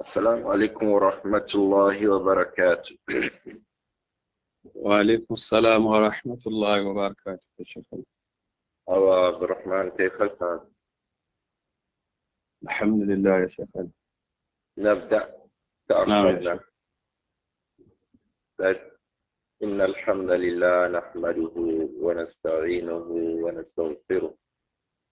السلام عليكم ورحمة الله وبركاته وعليكم السلام ورحمة الله وبركاته شكرا الله عبد الرحمن كيف الحال؟ الحمد لله يا شيخ نبدأ نعم تأخرنا إن الحمد لله نحمده ونستعينه ونستغفره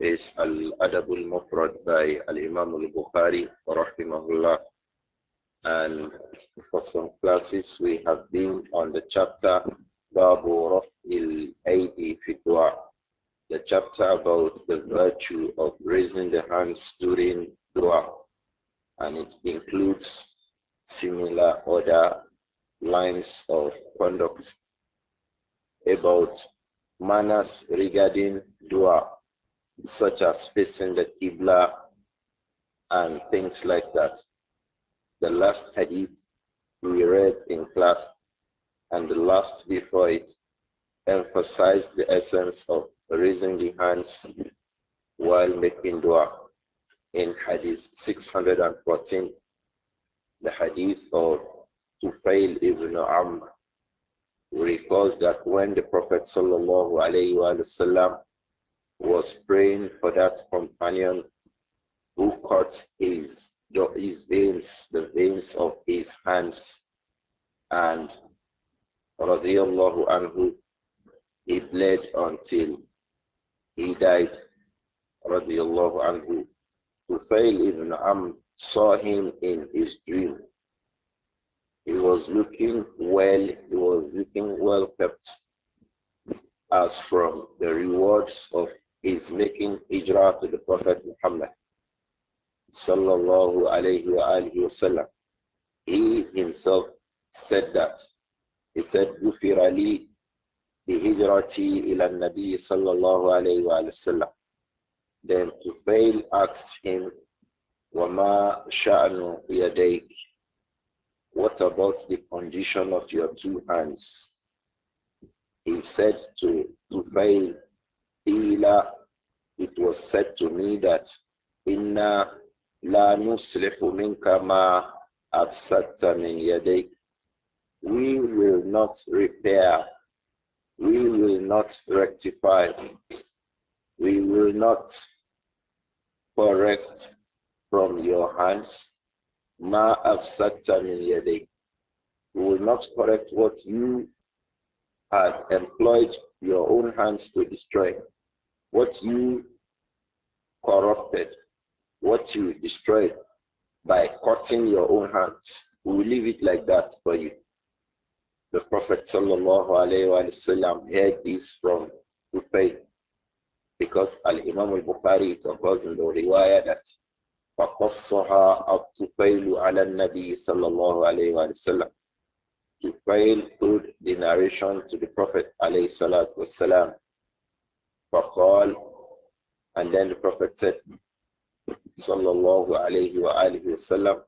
is al Adabul mufrad by Al-Imam al-Bukhari, rahimahullah. And for some classes, we have been on the chapter Babu Raf'il Aidi Fitwa, the chapter about the virtue of raising the hands during dua. And it includes similar other lines of conduct about manners regarding dua such as facing the Qibla and things like that. The last hadith we read in class and the last before it emphasized the essence of raising the hands while making dua in hadith 614, the hadith of Tufail ibn Amr. We recall that when the Prophet sallallahu alayhi wa sallam was praying for that companion who cut his, his veins, the veins of his hands. And radiallahu anhu, he bled until he died. Radiallahu anhu. Tufail ibn Amr saw him in his dream. He was looking well, he was looking well kept as from the rewards of is making ijra to the Prophet Muhammad sallallahu alayhi wa alihi wasallam. He himself said that. He said, غفر لي بهجرتي إلى النبي صلى الله عليه وآله وسلم. Then Tufail asked him, وما شأن يديك? What about the condition of your two hands? He said to Tufail, قِيلَ It was said to me that inna la نُصْلِحُ مِنْكَ مَا أَفْسَدْتَ We will not repair. We will not rectify. We will not correct from your hands. Ma afsakta min We will not correct what you had employed your own hands to destroy what you corrupted, what you destroyed by cutting your own hands. We will leave it like that for you. The Prophet wasallam heard this from Rufay because Al Imam al Bukhari it occurs in the riwayah that فقصها الطفيل على النبي صلى الله عليه وسلم Tufail told the narration to the Prophet عليه الصلاة والسلام فقال and then the Prophet said صلى الله عليه وآله وسلم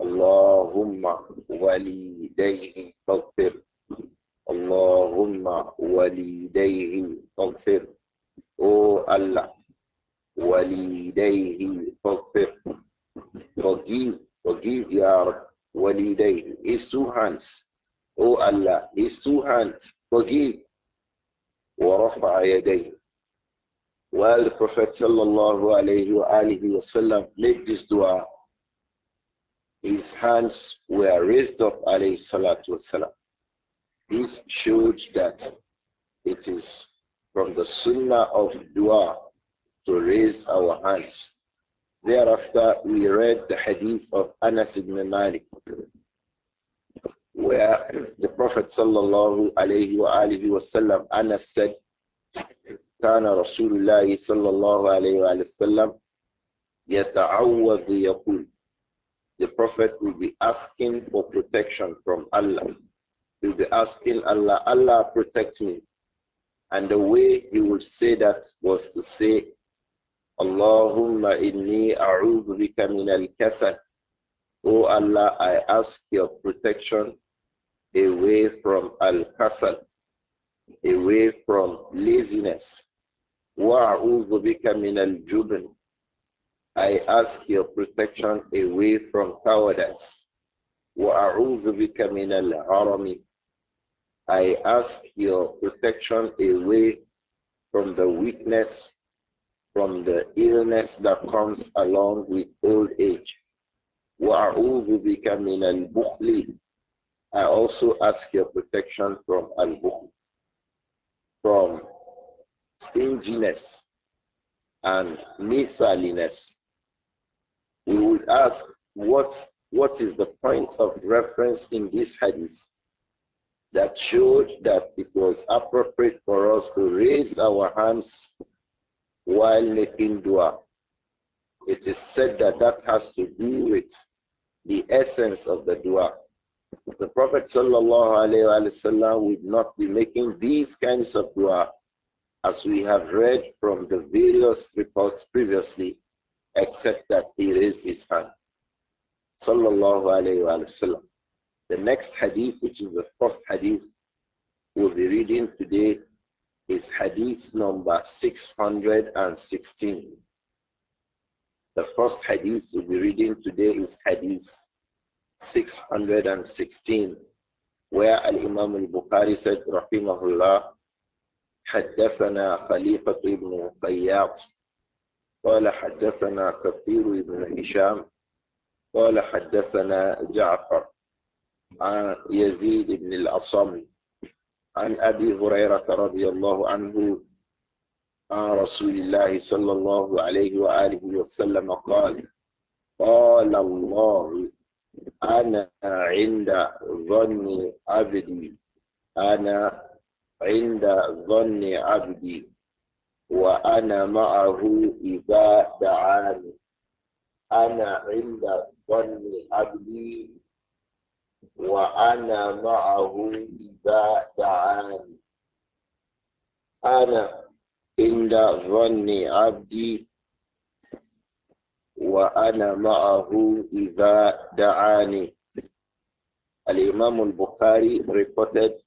اللهم وليديه فاغفر اللهم وليديه فاغفر O Allah وليديه فاغفر forgive forgive يا رب وليديه his two hands O Allah his two hands forgive ورفع يديه while the Prophet sallallahu alaihi wasallam made this dua, his hands were raised up This showed that it is from the sunnah of dua to raise our hands. Thereafter, we read the hadith of Anas ibn Malik, where the Prophet sallallahu alaihi wasallam, Anas said, كان رسول الله صلى الله عليه وسلم يتعوذ يقول the Prophet will be asking for protection from Allah. He'll be asking Allah, Allah protect me. And the way he would say that was to say, Allahumma inni a'udhu bika min al-kasal. Oh Allah, I ask your protection away from al-kasal, away from laziness, وَأَعُوذُ بِكَ مِنَ الْجُبْنِ I ask your protection away from cowardice. وَأَعُوذُ بِكَ مِنَ الْعَرَمِ I ask your protection away from the weakness, from the illness that comes along with old age. وَأَعُوذُ بِكَ مِنَ الْبُخْلِ I also ask your protection from al from stinginess, and miserliness. We would ask what, what is the point of reference in this hadith that showed that it was appropriate for us to raise our hands while making dua. It is said that that has to do with the essence of the dua. The Prophet sallallahu alaihi wasallam would not be making these kinds of dua as we have read from the various reports previously, except that he raised his hand. Sallallahu alayhi wa sallam. The next hadith, which is the first hadith we'll be reading today, is hadith number 616. The first hadith we'll be reading today is hadith 616, where Al-Imam al-Bukhari said, Rahimahullah, حدثنا خليفة بن قياط قال حدثنا كثير بن هشام قال حدثنا جعفر عن يزيد بن الأصم عن أبي هريرة رضي الله عنه عن رسول الله صلى الله عليه وآله وسلم قال قال الله أنا عند ظن عبدي أنا عند ظن عبدي وأنا معه إذا دعاني أنا عند ظن عبدي وأنا معه إذا دعاني أنا عند ظن عبدي وأنا معه إذا دعاني الإمام البخاري reported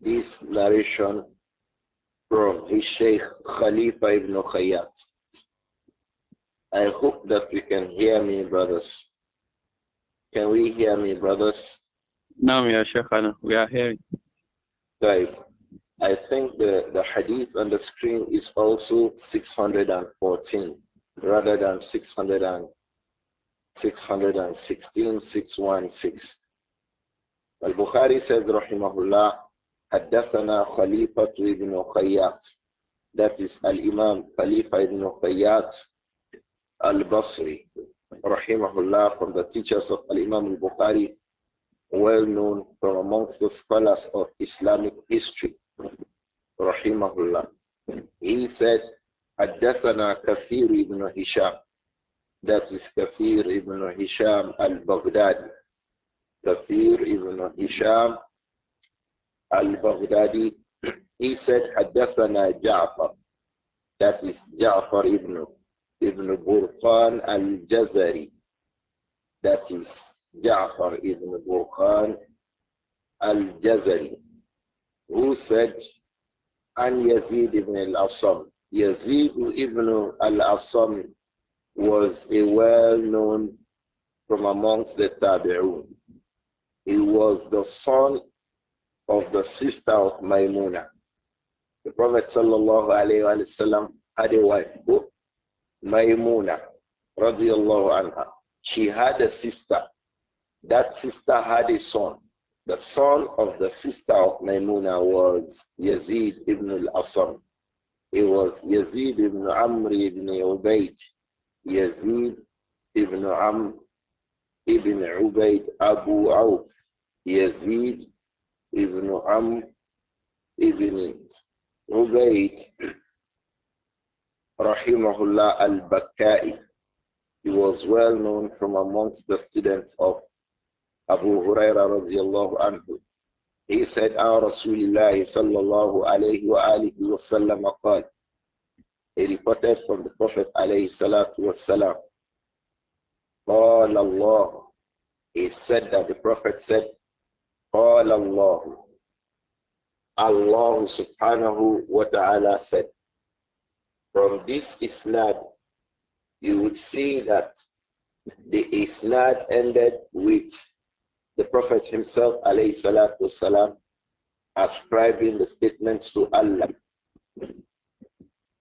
this narration from his Sheikh Khalifa ibn Khayyat. I hope that we can hear me, brothers. Can we hear me, brothers? No, Ya Sheikh, we are hearing. Right. I think the, the hadith on the screen is also 614 rather than 600 and, 616, 616. Al Bukhari said, Rahimahullah, حدثنا خليفة بن خياط that is الإمام خليفة بن خياط البصري رحمه الله from the teachers of الإمام البخاري well known from amongst the scholars of Islamic history رحمه الله he said حدثنا كثير بن هشام that is كثير بن هشام البغدادي كثير بن هشام al-Baghdadi, he said, حدثنا جعفر, that is Ja'far ibn, ibn Burqan al-Jazari, that is Ja'far ibn Burqan al-Jazari, who said, عن يزيد ibn al-Asam. Yazid ibn al-Asam was a well-known from amongst the Tabi'un. He was the son of the sister of Maimuna. The Prophet sallallahu had a wife, Maimuna, anha. She had a sister. That sister had a son. The son of the sister of Maimuna was Yazid ibn al-Asam. It was Yazid ibn Amr ibn Ubaid. Yazid ibn Amr ibn Ubaid Abu Auf. Yazid Ibn Amr Ibn Ubaid Rahimahullah al bakai He was well known from amongst the students of Abu Huraira radiallahu anhu. He said, Our ah, Rasulullah sallallahu alayhi wa alihi wa sallam qal. He reported from the Prophet alayhi salatu wa sallam. قال الله. He said that the Prophet said, قال الله Allah subhanahu wa ta'ala said. From this isnad, you would see that the isnad ended with the Prophet himself, alayhi salatu wasalam, ascribing the statement to Allah.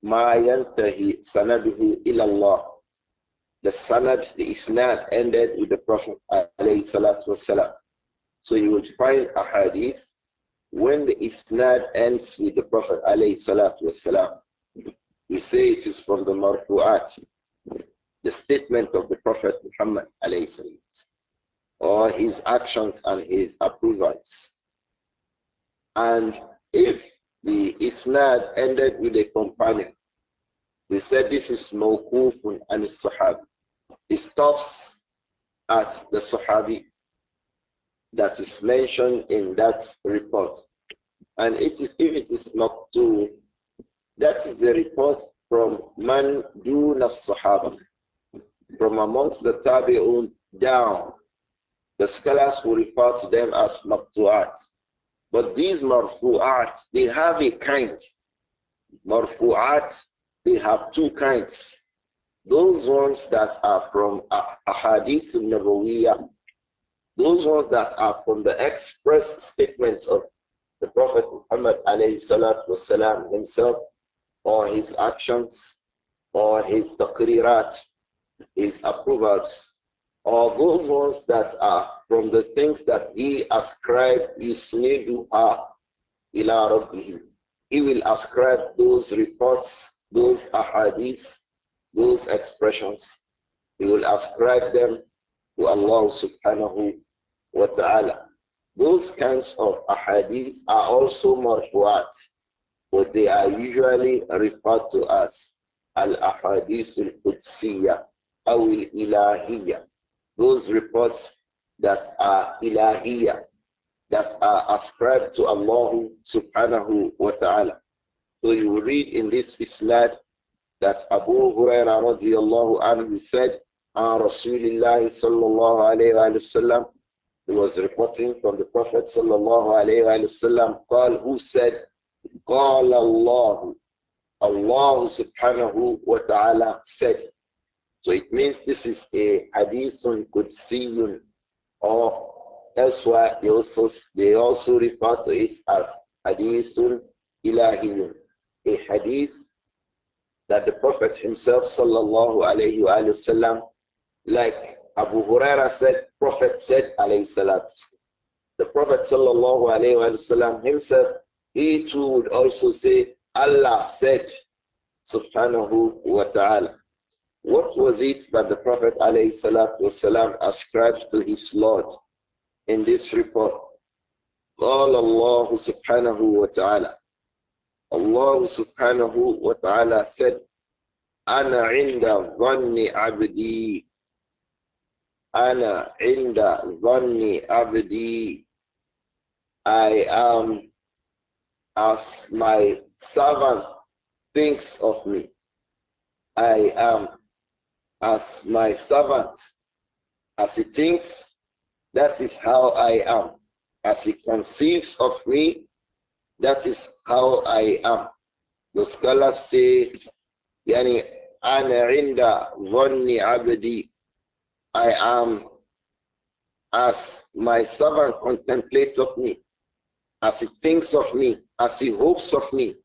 Ma yantahi sanaduhu ilallah. The sanad, the isnad ended with the Prophet, alayhi salatu wasalam. So you will find a hadith when the isnad ends with the Prophet alayhi salatu wasalam. We say it is from the marfu'at, the statement of the Prophet Muhammad alayhi salam, or his actions and his approvals. And if the isnad ended with a companion, we said this is mawkufun and sahabi. It stops at the sahabi that is mentioned in that report. And it is, if it is not true, that is the report from man dun sahaba from amongst the tabi'un down. The scholars will refer to them as maqtu'at. But these marfu'at, they have a kind. Marfu'at, they have two kinds. Those ones that are from ahadith nabawiyah, those ones that are from the express statements of the Prophet Muhammad والسلام, himself, or his actions, or his taqrirat, his approvals, or those ones that are from the things that he ascribed yusniduha ila rabbih. He will ascribe those reports, those ahadiths, those expressions. He will ascribe them to Allah subhanahu wa ta'ala. Those kinds of ahadith are also marfu'at, but they are usually referred to as al-ahadith al-qudsiyya aw al ilahiyah Those reports that are ilahiyah, that are ascribed to Allah subhanahu wa ta'ala. So you read in this isnad that Abu Hurairah radiallahu anhu said, عن رسول الله صلى الله عليه وسلم he was reporting from the Prophet sallallahu alayhi wasallam, wa who said, قال الله Allah subhanahu wa ta'ala said. So it means this is a hadithun kudsiyun or elsewhere they also, they also refer to it as hadithun ilahiyun. A hadith that the Prophet himself sallallahu alayhi wa sallam like Abu Huraira said Prophet said, The Prophet sallallahu alayhi wasallam himself, he too would also say, Allah said, subhanahu wa ta'ala. What was it that the Prophet والسلام, ascribed to his Lord in this report? قال الله سبحانه وتعالى الله سبحانه وتعالى said أنا عند ظن عبدي Ana inda dhanni abdi. I am as my servant thinks of me. I am as my servant, as he thinks, that is how I am. As he conceives of me, that is how I am. The scholar says, Yani ana inda dhanni abdi. I am as my servant contemplates of me, as he thinks of me, as he hopes of me,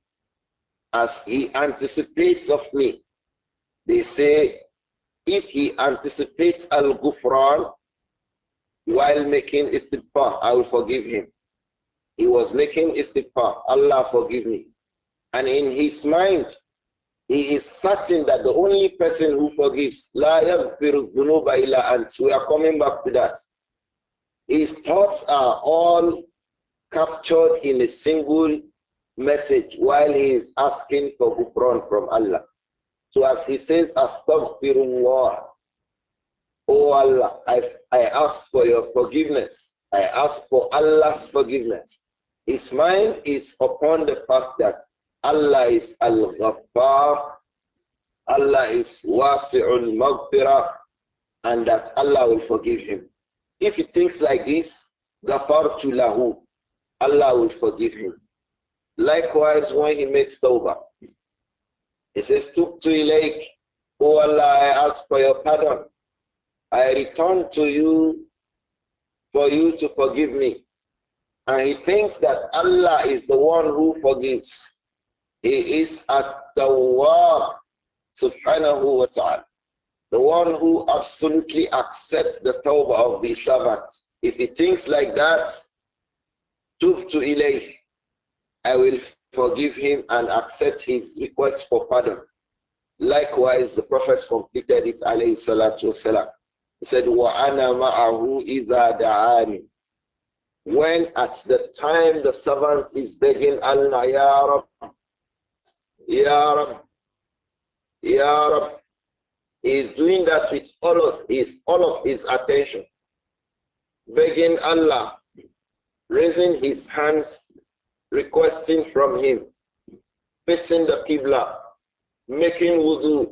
as he anticipates of me. They say, if he anticipates Al Ghufran while making istighfar, I will forgive him. He was making istighfar, Allah forgive me. And in his mind, he is certain that the only person who forgives, La yaghfiru illa ant. We are coming back to that. His thoughts are all captured in a single message while he is asking for gufran from Allah. So as he says, Astaghfirullah, Oh Allah, I, I ask for your forgiveness. I ask for Allah's forgiveness. His mind is upon the fact that Allah is Al-Ghaffar, Allah is Wasi'ul Maghfirah, and that Allah will forgive him. If he thinks like this, Ghafartu lahu, Allah will forgive him. Likewise, when he makes tawbah, he says, to ilayk, O Allah, I ask for your pardon. I return to you for you to forgive me. And he thinks that Allah is the one who forgives. He is At-Tawwab subhanahu wa ta'ala. The one who absolutely accepts the tawbah of the servant. If he thinks like that, to ilay, I will forgive him and accept his request for pardon. Likewise, the Prophet completed it, alayhi salatu wasalam. He said, وَأَنَا مَعَهُ إِذَا دَعَانِ When at the time the servant is begging, Allah ya Ya Rab, Ya Rab. He is doing that with all of his, all of his attention, begging Allah, raising his hands, requesting from him, facing the Qibla, making wudu,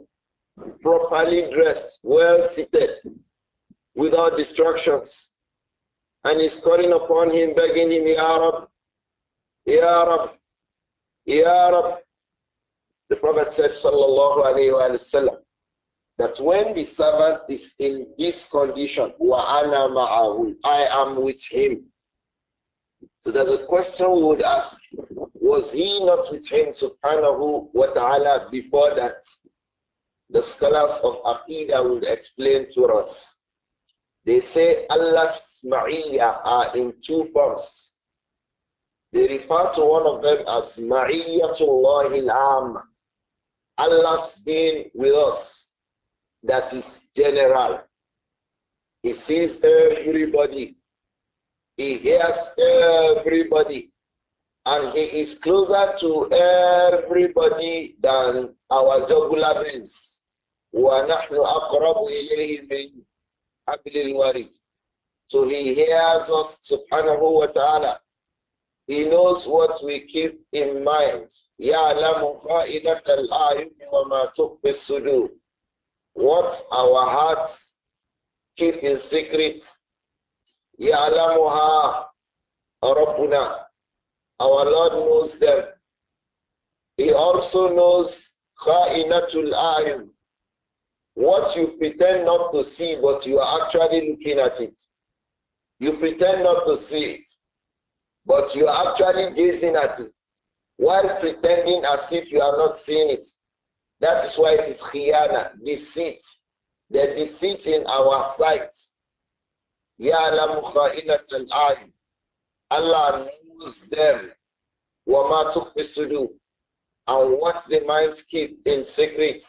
properly dressed, well seated, without distractions. And he's calling upon him, begging him, Ya Rab, Ya Rab, Ya Rab, the Prophet said, Sallallahu Alaihi Wasallam, that when the servant is in this condition, Wa Ana مَعَهُ I am with him. So that the question we would ask, was he not with him, subhanahu wa ta'ala, before that? The scholars of Aqidah would explain to us. They say Allah's ma'iyya are in two forms. They refer to one of them as ma'iyatullahi al-amma Allah's being with us that is general. He sees everybody. He hears everybody. And he is closer to everybody than our jugular veins. So he hears us subhanahu wa ta'ala he knows what we keep in mind. يَعْلَمُ خَائِنَةَ الْأَعْيُنِ وَمَا تُخْفِي الصُّدُورُ What our hearts keep in secret. يَعْلَمُهَا رَبُّنَا Our Lord knows them. He also knows خَائِنَةُ الْأَعْيُنِ What you pretend not to see, but you are actually looking at it. You pretend not to see it but you are actually gazing at it while pretending as if you are not seeing it. That is why it is khiyana, deceit. The deceit in our sight. Allah knows them. Wama tuqbisudu. And what the minds keep in secret.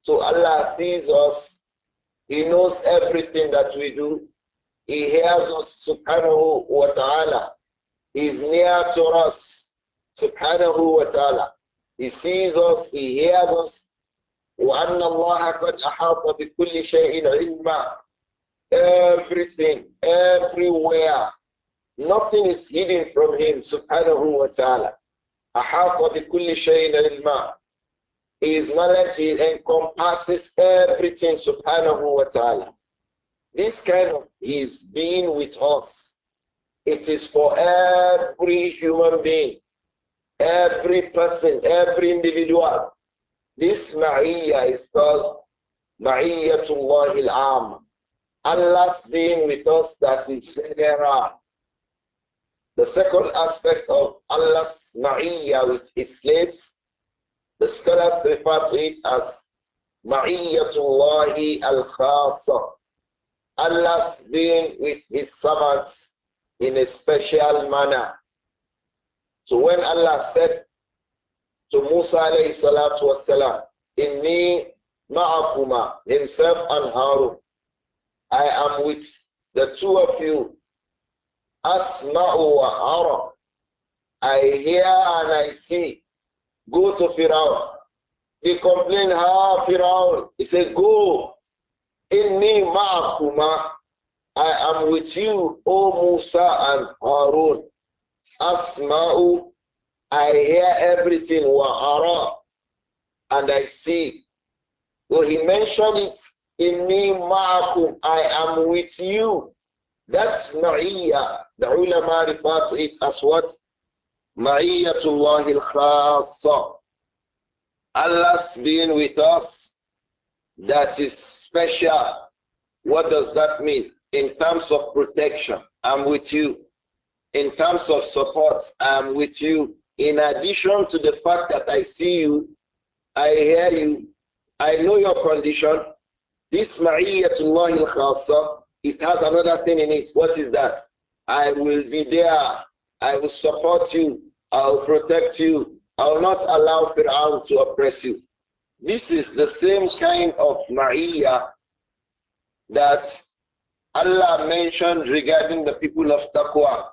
So Allah sees us. He knows everything that we do. He hears us subhanahu wa ta'ala. He's is near to us, subhanahu wa ta'ala. He sees us, he hears us. وأن الله قد أحاط بكل شيء علما everything, everywhere. Nothing is hidden from him, subhanahu wa ta'ala. أحاط بكل شيء علما His knowledge encompasses everything, subhanahu wa ta'ala. This kind of his being with us it is for every human being, every person, every individual. This ma'iyya is called ma'iyyatullah al-am. Allah's being with us that is general. The second aspect of Allah's ma'iyya with his slaves, the scholars refer to it as ma'iyyatullahi al-khasa. Allah's being with his servants in a special manner. So when Allah said to Musa alayhi salatu wasalam, Inni ma'akuma, himself and Harun, I am with the two of you. Asma'u wa ara. I hear and I see. Go to Firaun. He complained, Ha Firaun. He said, Go. Inni ma'akuma. I am with you, O Musa and Harun. Asma'u, I hear everything, wa ara, and I see. So he mentioned it in me, ma'akum, I am with you. That's ma'iyya. The ulama refer to it as what? Ma'iyyatullah al-khassa. Allah's being with us, that is special. What does that mean? In terms of protection, I'm with you. In terms of support, I'm with you. In addition to the fact that I see you, I hear you, I know your condition. This Ma'iyatullah al it has another thing in it. What is that? I will be there. I will support you. I will protect you. I will not allow Fir'aun to oppress you. This is the same kind of Ma'iyah that Allah mentioned regarding the people of taqwa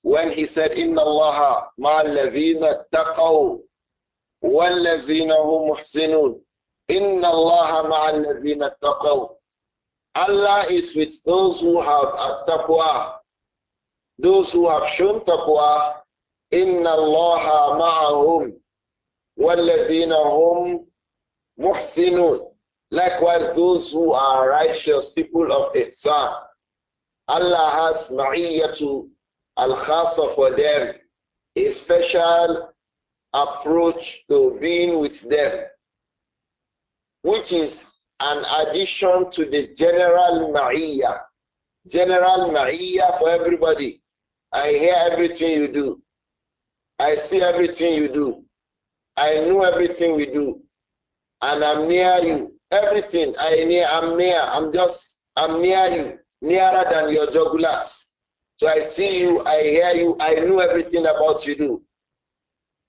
when he said, Inna Allah ma'alladhina taqaw walladhina hum muhsinun. Inna Allah ma'alladhina taqaw. Allah is with those who have taqwa. Those who have shown taqwa, Inna Allah ma'ahum walladhina hum muhsinun. Likewise, those who are righteous people of Ihsan, Allah has to al-khasa for them, a special approach to being with them, which is an addition to the general ma'iyya. General ma'iyya for everybody. I hear everything you do. I see everything you do. I know everything we do. And I'm near you. Everything. I near, I'm near. I'm just, I'm near you, nearer than your jugulars. So I see you, I hear you, I know everything about you do.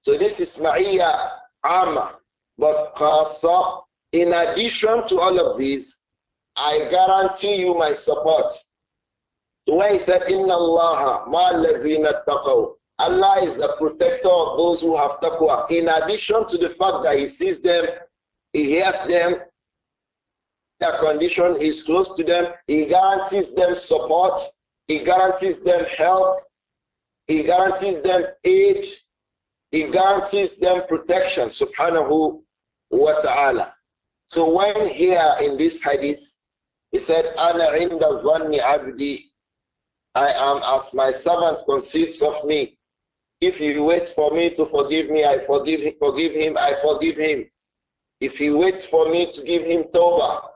So this is Maria' Amma. But Qasa, in addition to all of these, I guarantee you my support. So way he said, Inna Allah taqaw. Allah is the protector of those who have taqwa. In addition to the fact that he sees them, he hears them, their condition, he's close to them, he guarantees them support, he guarantees them help, he guarantees them aid, he guarantees them protection, subhanahu wa ta'ala. So when here in this hadith, he said, Ana inda zanni abdi, I am as my servant conceives of me. If he waits for me to forgive me, I forgive, forgive him, I forgive him. If he waits for me to give him tawbah,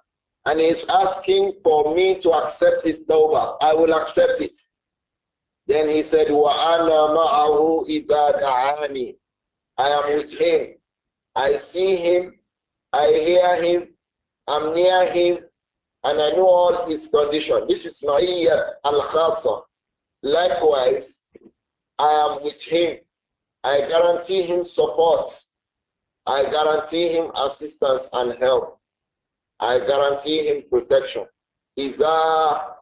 and he's asking for me to accept his tawbah. I will accept it. Then he said, وَأَنَا مَعَهُ إِذَا دَعَانِي I am with him. I see him. I hear him. I'm near him. And I know all his condition. This is Ma'iyyat al-Khasa. Likewise, I am with him. I guarantee him support. I guarantee him assistance and help. I guarantee him protection. Iza,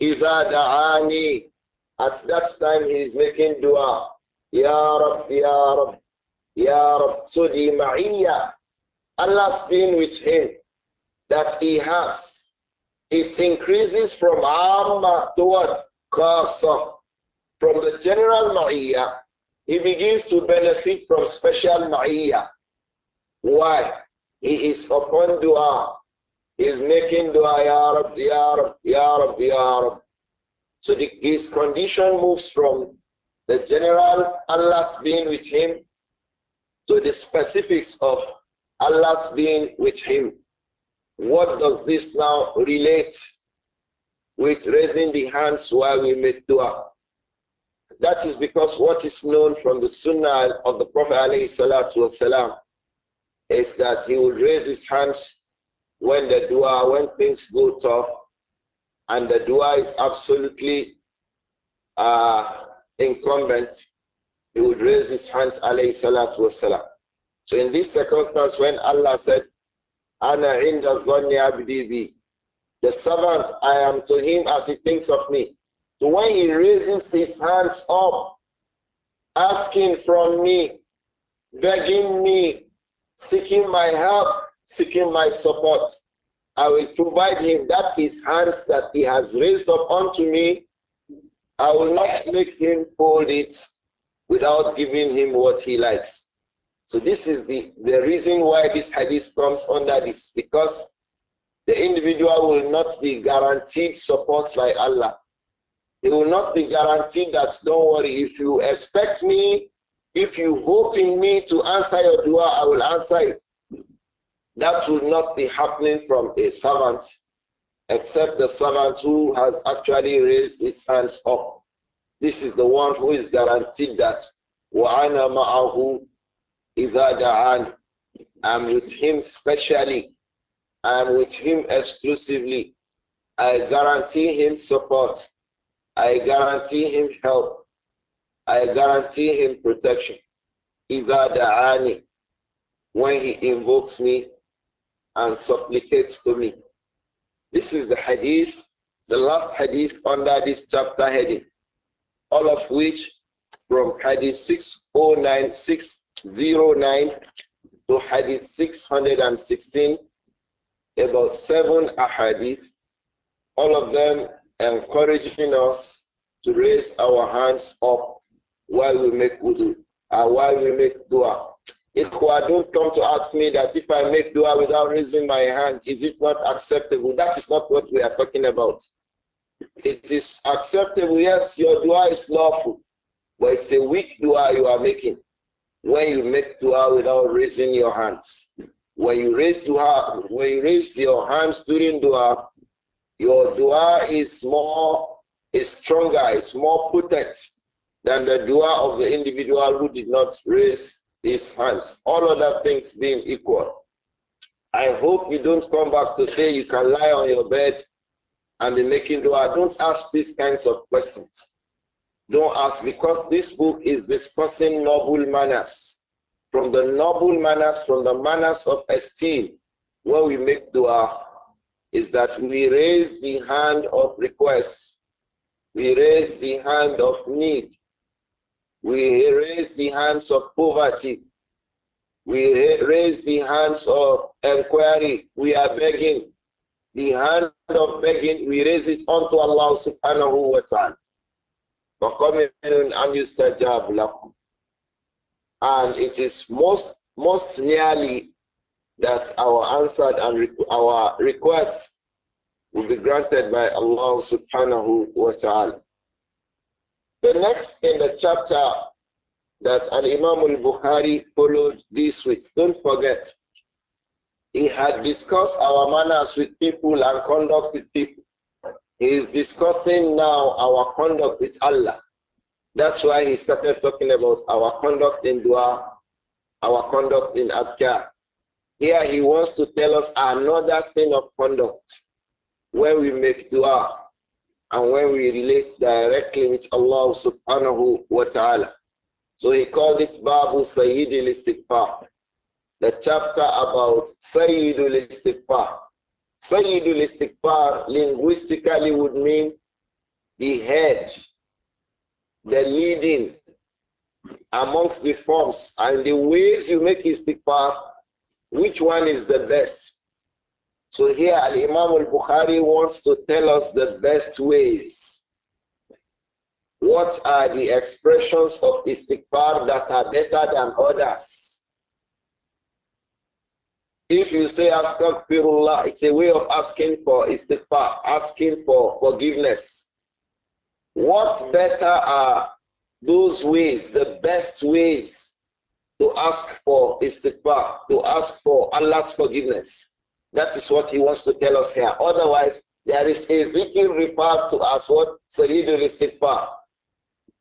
Iza da'ani. At that time he is making dua. Ya Rab, Ya Rab, Ya Rab. So the ma'iyya, Allah's being with him that he has, it increases from amma to what? Khasa. From the general ma'iyya, he begins to benefit from special ma'iyya. Why? He is upon dua. Is making dua, Ya Rab, Ya Rab, Ya Rab, Ya Rab. So the, his condition moves from the general Allah's being with him to the specifics of Allah's being with him. What does this now relate with raising the hands while we make dua? That is because what is known from the Sunnah of the Prophet والسلام, is that he would raise his hands when the dua, when things go tough, and the dua is absolutely uh, incumbent, he would raise his hands, alayhi salatu wasalam. So in this circumstance, when Allah said, Ana inda dhanni abdi bi, the servant, I am to him as he thinks of me. So when he raises his hands up, asking from me, begging me, seeking my help, seeking my support. I will provide him that his hands that he has raised up unto me. I will not make him hold it without giving him what he likes. So this is the, the reason why this hadith comes under this, because the individual will not be guaranteed support by Allah. It will not be guaranteed that, don't worry, if you expect me, if you hope in me to answer your dua, I will answer it. That will not be happening from a servant, except the servant who has actually raised his hands up. This is the one who is guaranteed that وَأَنَا مَعَهُ إِذَا دَعَانِ I'm with him specially. I'm with him exclusively. I guarantee him support. I guarantee him help. I guarantee him protection. إِذَا دَعَانِ When he invokes me, and supplicates to me. This is the hadith, the last hadith under this chapter heading, all of which from hadith 609, 609 to hadith 616, about seven ahadith, all of them encouraging us to raise our hands up while we make wudu, uh, while we make dua. Ikhwa, don't come to ask me that if I make dua without raising my hand, is it not acceptable? That is not what we are talking about. It is acceptable, yes, your dua is lawful, but it's a weak dua you are making when you make dua without raising your hands. When you raise dua, when you raise your hands during dua, your dua is more is stronger, is more potent than the dua of the individual who did not raise his hands. All other things being equal. I hope you don't come back to say you can lie on your bed and be making dua. Don't ask these kinds of questions. Don't ask because this book is discussing noble manners. From the noble manners, from the manners of esteem, when we make dua, is that we raise the hand of request, we raise the hand of need, we raise the hands of poverty. We raise the hands of inquiry. We are begging. The hand of begging, we raise it unto Allah subhanahu wa ta'ala. And it is most most nearly that our answered and our requests will be granted by Allah subhanahu wa ta'ala. The next in the chapter that Al Imam al Bukhari followed this with, don't forget, he had discussed our manners with people and conduct with people. He is discussing now our conduct with Allah. That's why he started talking about our conduct in dua, our conduct in adhkar. Here he wants to tell us another thing of conduct when we make dua, and when we relate directly with Allah subhanahu wa ta'ala. So he called it Babu Sayyid al-Istighfar, the chapter about Sayyid al-Istighfar. Sayyid al-Istighfar linguistically would mean the head, the leading amongst the forms and the ways you make istighfar, which one is the best? So here Al-Imam al-Bukhari wants to tell us the best ways. What are the expressions of istighfar that are better than others? If you say astaghfirullah, it's a way of asking for istighfar, asking for forgiveness. What better are those ways, the best ways to ask for istighfar, to ask for Allah's forgiveness? That is what he wants to tell us here. Otherwise, there is a dhikr referred to as what? Sayyidul Istighfar.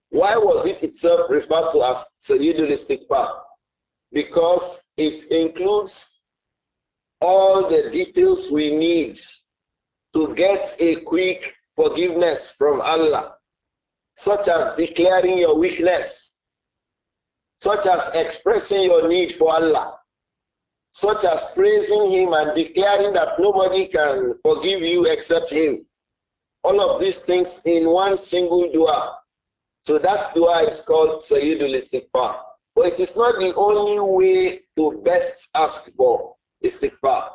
Why was it itself referred to as Sayyidul Istighfar? Because it includes all the details we need to get a quick forgiveness from Allah, such as declaring your weakness, such as expressing your need for Allah, such as praising him and declaring that nobody can forgive you except him. All of these things in one single dua. So that dua is called Sayyidul Istighfar. But it is not the only way to best ask for istighfar.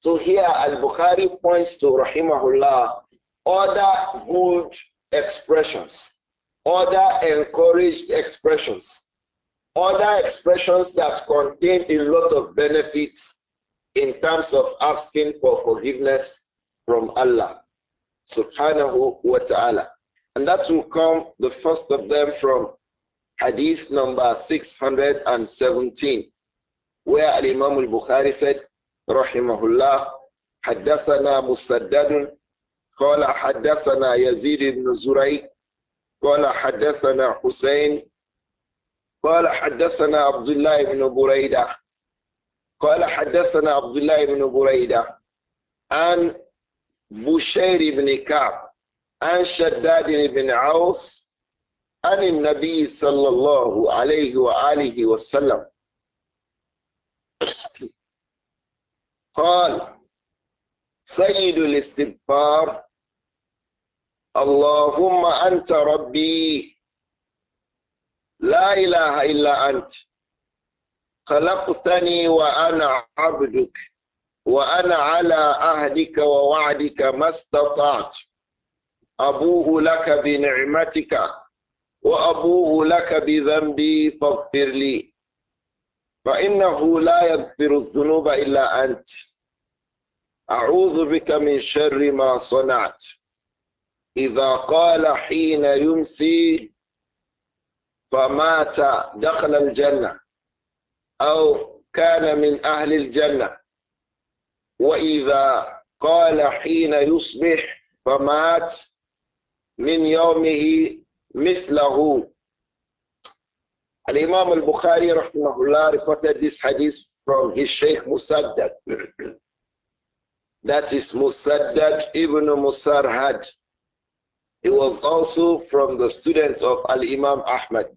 So here Al-Bukhari points to Rahimahullah other good expressions, other encouraged expressions other expressions that contain a lot of benefits in terms of asking for forgiveness from Allah subhanahu wa ta'ala. And that will come, the first of them, from hadith number 617, where Al Imam al Bukhari said, Rahimahullah, حدثنا مسدد kala حدثنا Yazid بن زريع kala حدثنا Hussein." قال حدثنا عبد الله بن بريدة قال حدثنا عبد الله بن بريدة عن بشير بن كعب عن شداد بن عوس عن النبي صلى الله عليه وآله وسلم قال سيد الاستغفار اللهم أنت ربي لا إله إلا أنت خلقتني وأنا عبدك وأنا على عهدك ووعدك ما استطعت أبوء لك بنعمتك وأبوء لك بذنبي فاغفر لي فإنه لا يغفر الذنوب إلا أنت أعوذ بك من شر ما صنعت إذا قال حين يمسي فمات دخل الجنة أو كان من أهل الجنة وإذا قال حين يصبح فمات من يومه مثله الإمام البخاري رحمه الله reported this hadith from his Sheikh Musaddad that is Musaddad ibn Musarhad He was also from the students of Al Imam Ahmad,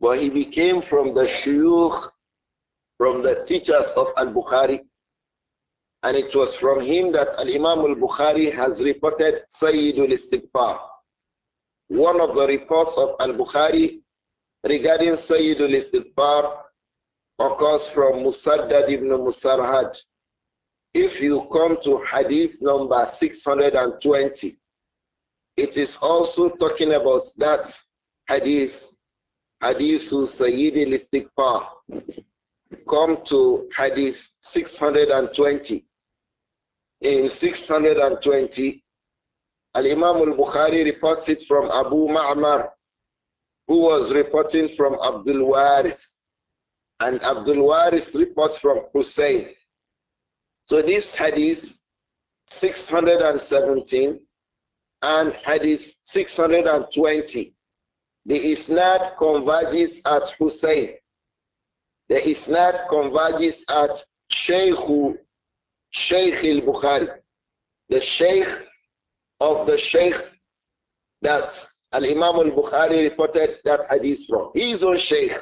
but he became from the shuyukh, from the teachers of Al Bukhari. And it was from him that Al Imam Al Bukhari has reported Sayyidul Istighfar. One of the reports of Al Bukhari regarding Sayyidul Istighfar occurs from Musaddad ibn Musarhad. If you come to hadith number 620, it is also talking about that hadith, hadith Sayyid al-Istighfar. Come to hadith 620. In 620, Al-Imam al-Bukhari reports it from Abu Ma'mar, who was reporting from Abdul Waris. And Abdul Waris reports from Hussein. So this hadith 617 and Hadith 620. The Isnad converges at Hussein. The Isnad converges at Sheikh Sheikh al-Bukhari. The Sheikh of the Sheikh that Al-Imam al-Bukhari reported that hadith from. His own Sheikh.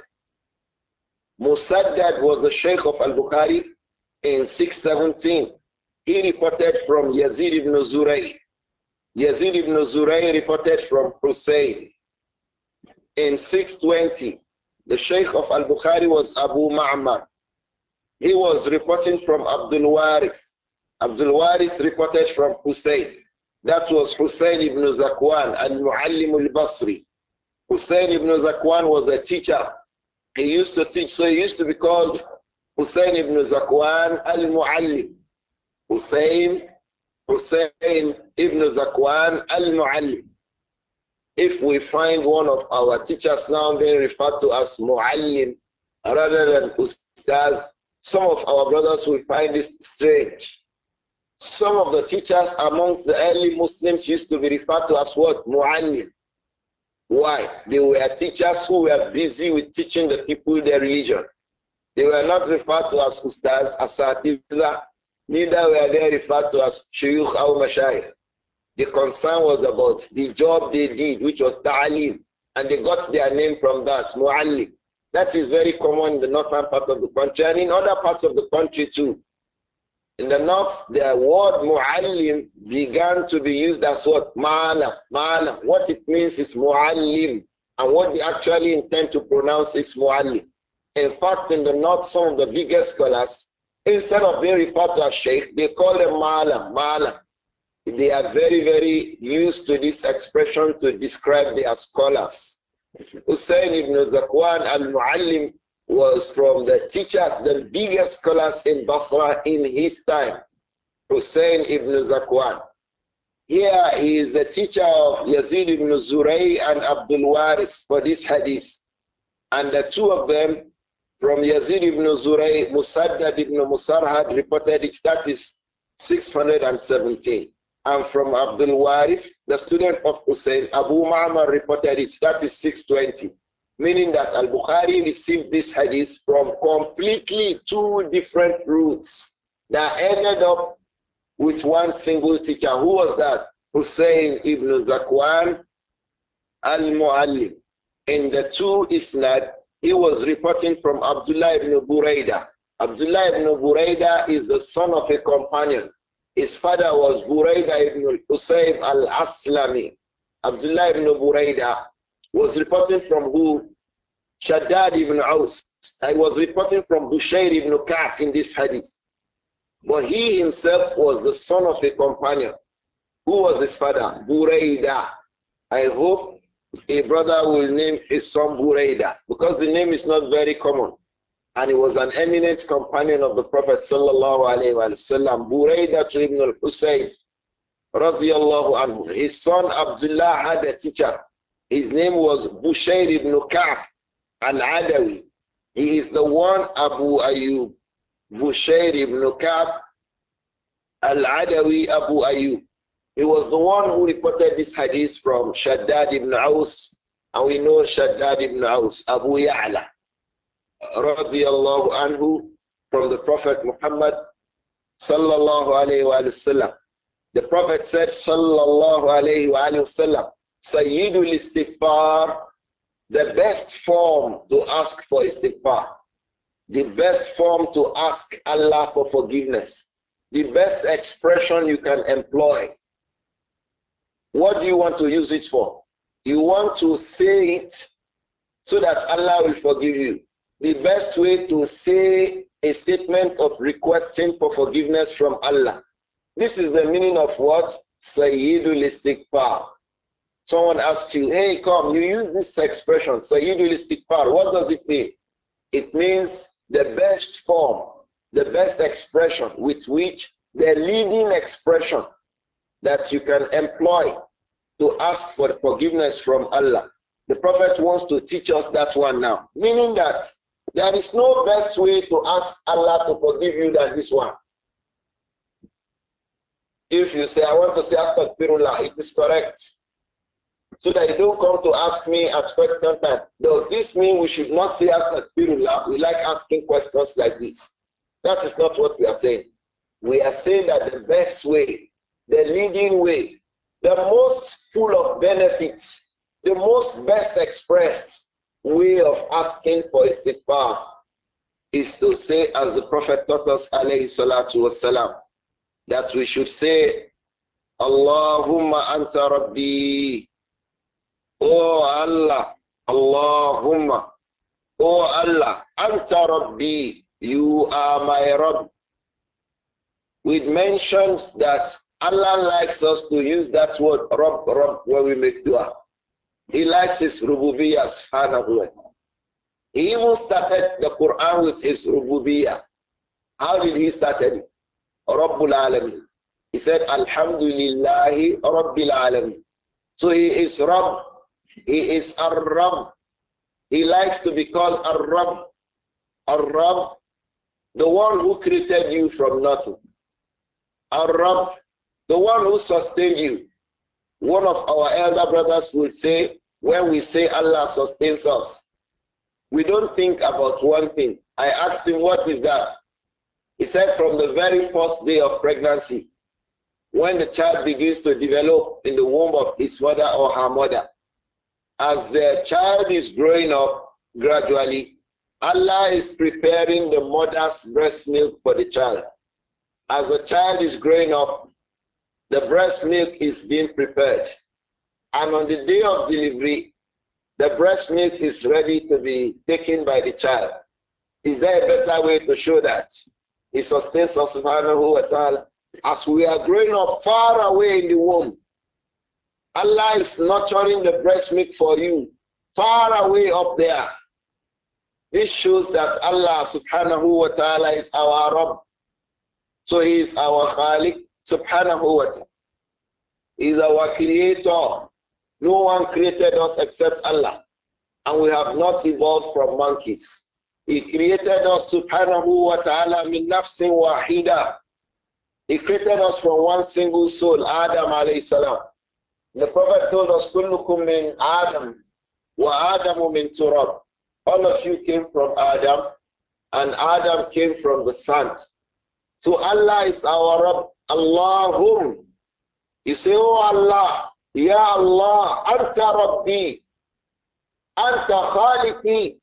Musaddad was the Sheikh of al-Bukhari in 617. He reported from Yazid ibn Zurayh. Yazid ibn Zuray reported from Hussein. In 620, the Sheikh of Al Bukhari was Abu Ma'mar. He was reporting from Abdul Warith. Abdul Warith reported from Hussein. That was Hussein ibn Zakwan, Al Muallim al Basri. Hussein ibn Zakwan was a teacher. He used to teach, so he used to be called Hussein ibn Zakwan al Muallim. Hussein Hussein ibn Zakwan al-Mu'allim. If we find one of our teachers now being referred to as Mu'allim rather than Ustaz, some of our brothers will find this strange. Some of the teachers amongst the early Muslims used to be referred to as what? Mu'allim. Why? They were teachers who were busy with teaching the people their religion. They were not referred to as Ustaz, Asatidha, Neither were they referred to as shuyukh or mashayikh. The concern was about the job they did, which was ta'alim, and they got their name from that, mu'allim. That is very common in the northern part of the country and in other parts of the country too. In the north, the word mu'allim began to be used as what? Ma'alam. Ma'alam. What it means is mu'allim. And what they actually intend to pronounce is mu'allim. In fact, in the north, some of the biggest scholars, Instead of being referred to as sheikh, they call them mala, malam. They are very, very used to this expression to describe their scholars. Hussein ibn Zakwan al-Muallim was from the teachers, the biggest scholars in Basra in his time. Hussein ibn Zakwan. Here he is the teacher of Yazid ibn Zuray and Abdul Waris for this hadith. And the two of them, from Yazid ibn Zuray, Musaddad ibn Musarhad reported it, that is 617. And from Abdul Waris, the student of Hussein, Abu Ma'mar reported it, that is 620. Meaning that Al Bukhari received this hadith from completely two different routes that ended up with one single teacher. Who was that? Hussein ibn Zakwan al Mu'allim. In the two Isnad, he was reporting from Abdullah ibn Buraida. Abdullah ibn Buraida is the son of a companion. His father was Buraida ibn Usayb al-Aslami. Abdullah ibn Buraida was reporting from who? Shaddad ibn Aus. I was reporting from Bushair ibn Ka'b in this hadith. But he himself was the son of a companion. Who was his father? Buraida. I hope a brother will name his son Buraida because the name is not very common. And he was an eminent companion of the Prophet sallallahu alaihi wasallam, Buraida to Ibn al-Husayn radiyallahu anhu. His son Abdullah had a teacher. His name was Bushair ibn Ka'b al-Adawi. He is the one Abu Ayyub. Bushair ibn Ka'b al-Adawi Abu Ayyub. He was the one who reported this hadith from Shaddad ibn Aus, and we know Shaddad ibn Aus, Abu Ya'la, radiallahu anhu, from the Prophet Muhammad sallallahu alayhi wa sallam. The Prophet said sallallahu alayhi wa sallam, Sayyidul istighfar, the best form to ask for istighfar, the best form to ask Allah for forgiveness, the best expression you can employ what do you want to use it for? You want to say it so that Allah will forgive you. The best way to say a statement of requesting for forgiveness from Allah. This is the meaning of what? Sayyidul Istighfar. Someone asks you, hey, come, you use this expression, Sayyidul Istighfar. What does it mean? It means the best form, the best expression with which the leading expression that you can employ to ask for forgiveness from Allah. The Prophet wants to teach us that one now, meaning that there is no best way to ask Allah to forgive you than this one. If you say, I want to say Astaghfirullah, it is correct. So that you don't come to ask me at question time, does this mean we should not say Astaghfirullah? We like asking questions like this. That is not what we are saying. We are saying that the best way the leading way, the most full of benefits, the most best expressed way of asking for istighfar is to say, as the Prophet taught us, alayhi salatu wasalam, that we should say, Allahumma anta rabbi, O Allah, Allahumma, O Allah, anta rabbi, you are my Rabb. We mentioned that Allah likes us to use that word "Rab" when we make dua. He likes his rububiyyah subhanahu wa He even started the Quran with his rububiyyah. How did he start it? Rabbul Alameen. He said, Alhamdulillahi Rabbil Alameen. So he is Rabb. He is ar Rab. He likes to be called ar Rab. ar Rab, the one who created you from nothing. ar Rab. The one who sustained you. One of our elder brothers would say, when we say Allah sustains us, we don't think about one thing. I asked him, what is that? He said, from the very first day of pregnancy, when the child begins to develop in the womb of his mother or her mother, as the child is growing up gradually, Allah is preparing the mother's breast milk for the child. As the child is growing up, the breast milk is being prepared. And on the day of delivery, the breast milk is ready to be taken by the child. Is there a better way to show that? It sustains us subhanahu wa ta'ala as we are growing up far away in the womb. Allah is nurturing the breast milk for you far away up there. This shows that Allah subhanahu wa ta'ala is our Rabb. So he is our Khalik subhanahu wa ta'ala is our creator. No one created us except Allah. And we have not evolved from monkeys. He created us subhanahu wa ta'ala min nafsin wahida. He created us from one single soul, Adam alayhi salam. The Prophet told us, kullukum min Adam wa Adamu min turab. All of you came from Adam and Adam came from the sand. So Allah is our Rabb. Allahum. You say, Oh Allah, Ya Allah, Anta Rabbi, Anta Khaliqi,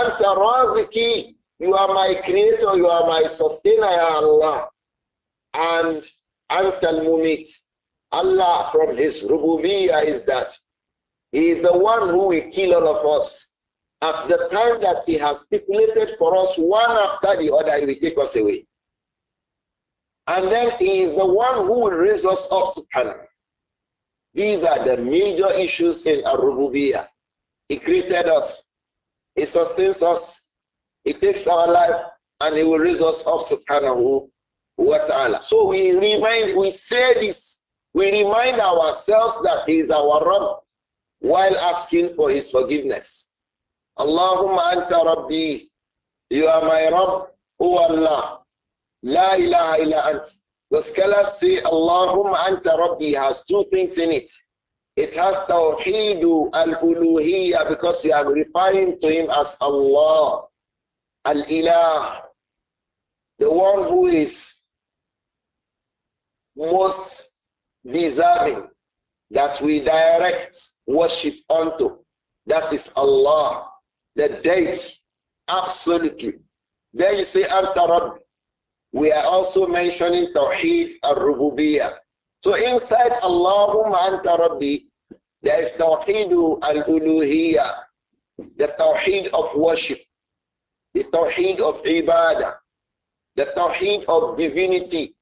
Anta Raziki. You are my creator, you are my sustainer, Ya Allah. And Anta Al-Mumit. Allah from his rububiyyah is that he is the one who will kill all of us. At the time that he has stipulated for us, one after the other, he will take us away. And then He is the one who will raise us up, subhanahu. These are the major issues in Arububiyah. He created us, He sustains us, He takes our life, and He will raise us up, subhanahu wa ta'ala. So we remind, we say this, we remind ourselves that He is our Rabb while asking for His forgiveness. Allahumma anta rabbi, you are my Rabb, O Allah. La ilaha illa ant. The scholars say Allahumma anta rabbi has two things in it. It has tawheedu al-uluhiyya because you are referring to him as Allah, al-ilah, the one who is most deserving that we direct worship unto. That is Allah, the deity, absolutely. Then you say, Anta Rabbi we are also mentioning Tawheed al-Rububiyyah. So inside Allahumma anta Rabbi, there is Tawheed al-Uluhiyyah, the Tawheed of worship, the Tawheed of Ibadah, the Tawheed of divinity,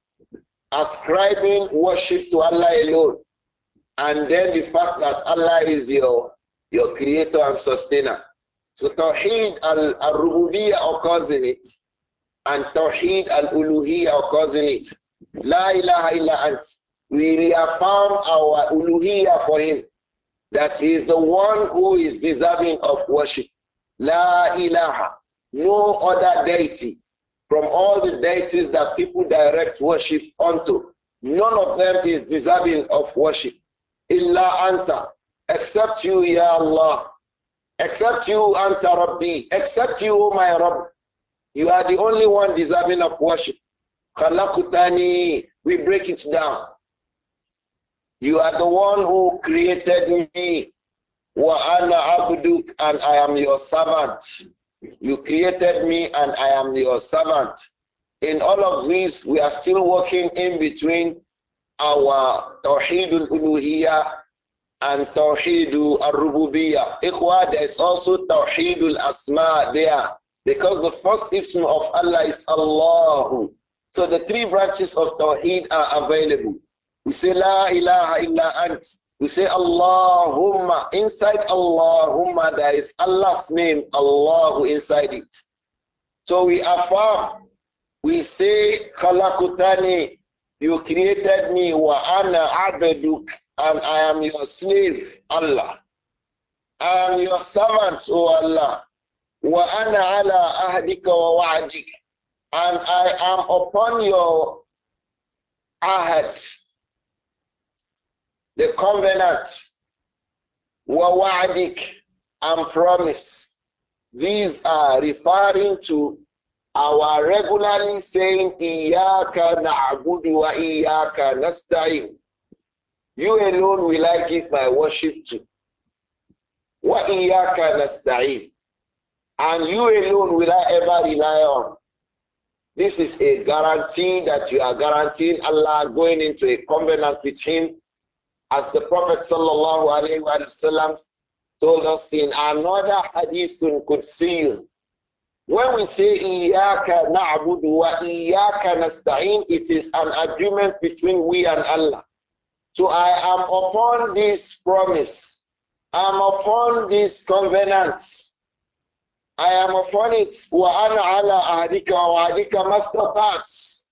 ascribing worship to Allah alone. And then the fact that Allah is your, your creator and sustainer. So Tawheed al-Rububiyyah occurs in it. And Tawheed al-Uluhiyya are causing it. La ilaha illa ant. We reaffirm our uluhiyya for him. That he is the one who is deserving of worship. La ilaha. No other deity from all the deities that people direct worship unto. None of them is deserving of worship. Illa anta. Except you, Ya Allah. Except you, anta Rabbi. Except you, O my Rabb. You are the only one deserving of worship. Kalakutani, we break it down. You are the one who created me. Wa ana abduk, and I am your servant. You created me, and I am your servant. In all of this, we are still working in between our Tawheed al-Uluhiyya and Tawheed al-Rububiyya. Ikhwa, there is also Tawheed Asmaa asma there. Because the first ism of Allah is Allahu. So the three branches of Tawheed are available. We say La ilaha illa ant. We say Allahumma. Inside Allahumma, there is Allah's name, Allahu inside it. So we affirm, we say Kalakutani, you created me, wa ana abeduk, and I am your slave, Allah. I am your servant, O Allah. وَأَنَا عَلَىٰ أَهْدِكَ وَوَعَدِكَ And I am upon your ahad, the covenant, وَوَعَدِكَ and promise. These are referring to our regularly saying iyyaka agudu wa iyyaka nasta'in you alone will i give my worship to wa iyyaka nasta'in and you alone will I ever rely on. This is a guarantee that you are guaranteeing Allah going into a covenant with Him. As the Prophet وسلم, told us in another hadith Qudsiyun. When we say Iyaka na'budu wa Iyaka nasta'in, it is an agreement between we and Allah. So I am upon this promise. I'm upon this covenant I am upon it. وَأَنَا عَلَىٰ أَهْدِكَ وَوَعْدِكَ مَسْتَطَعْتِ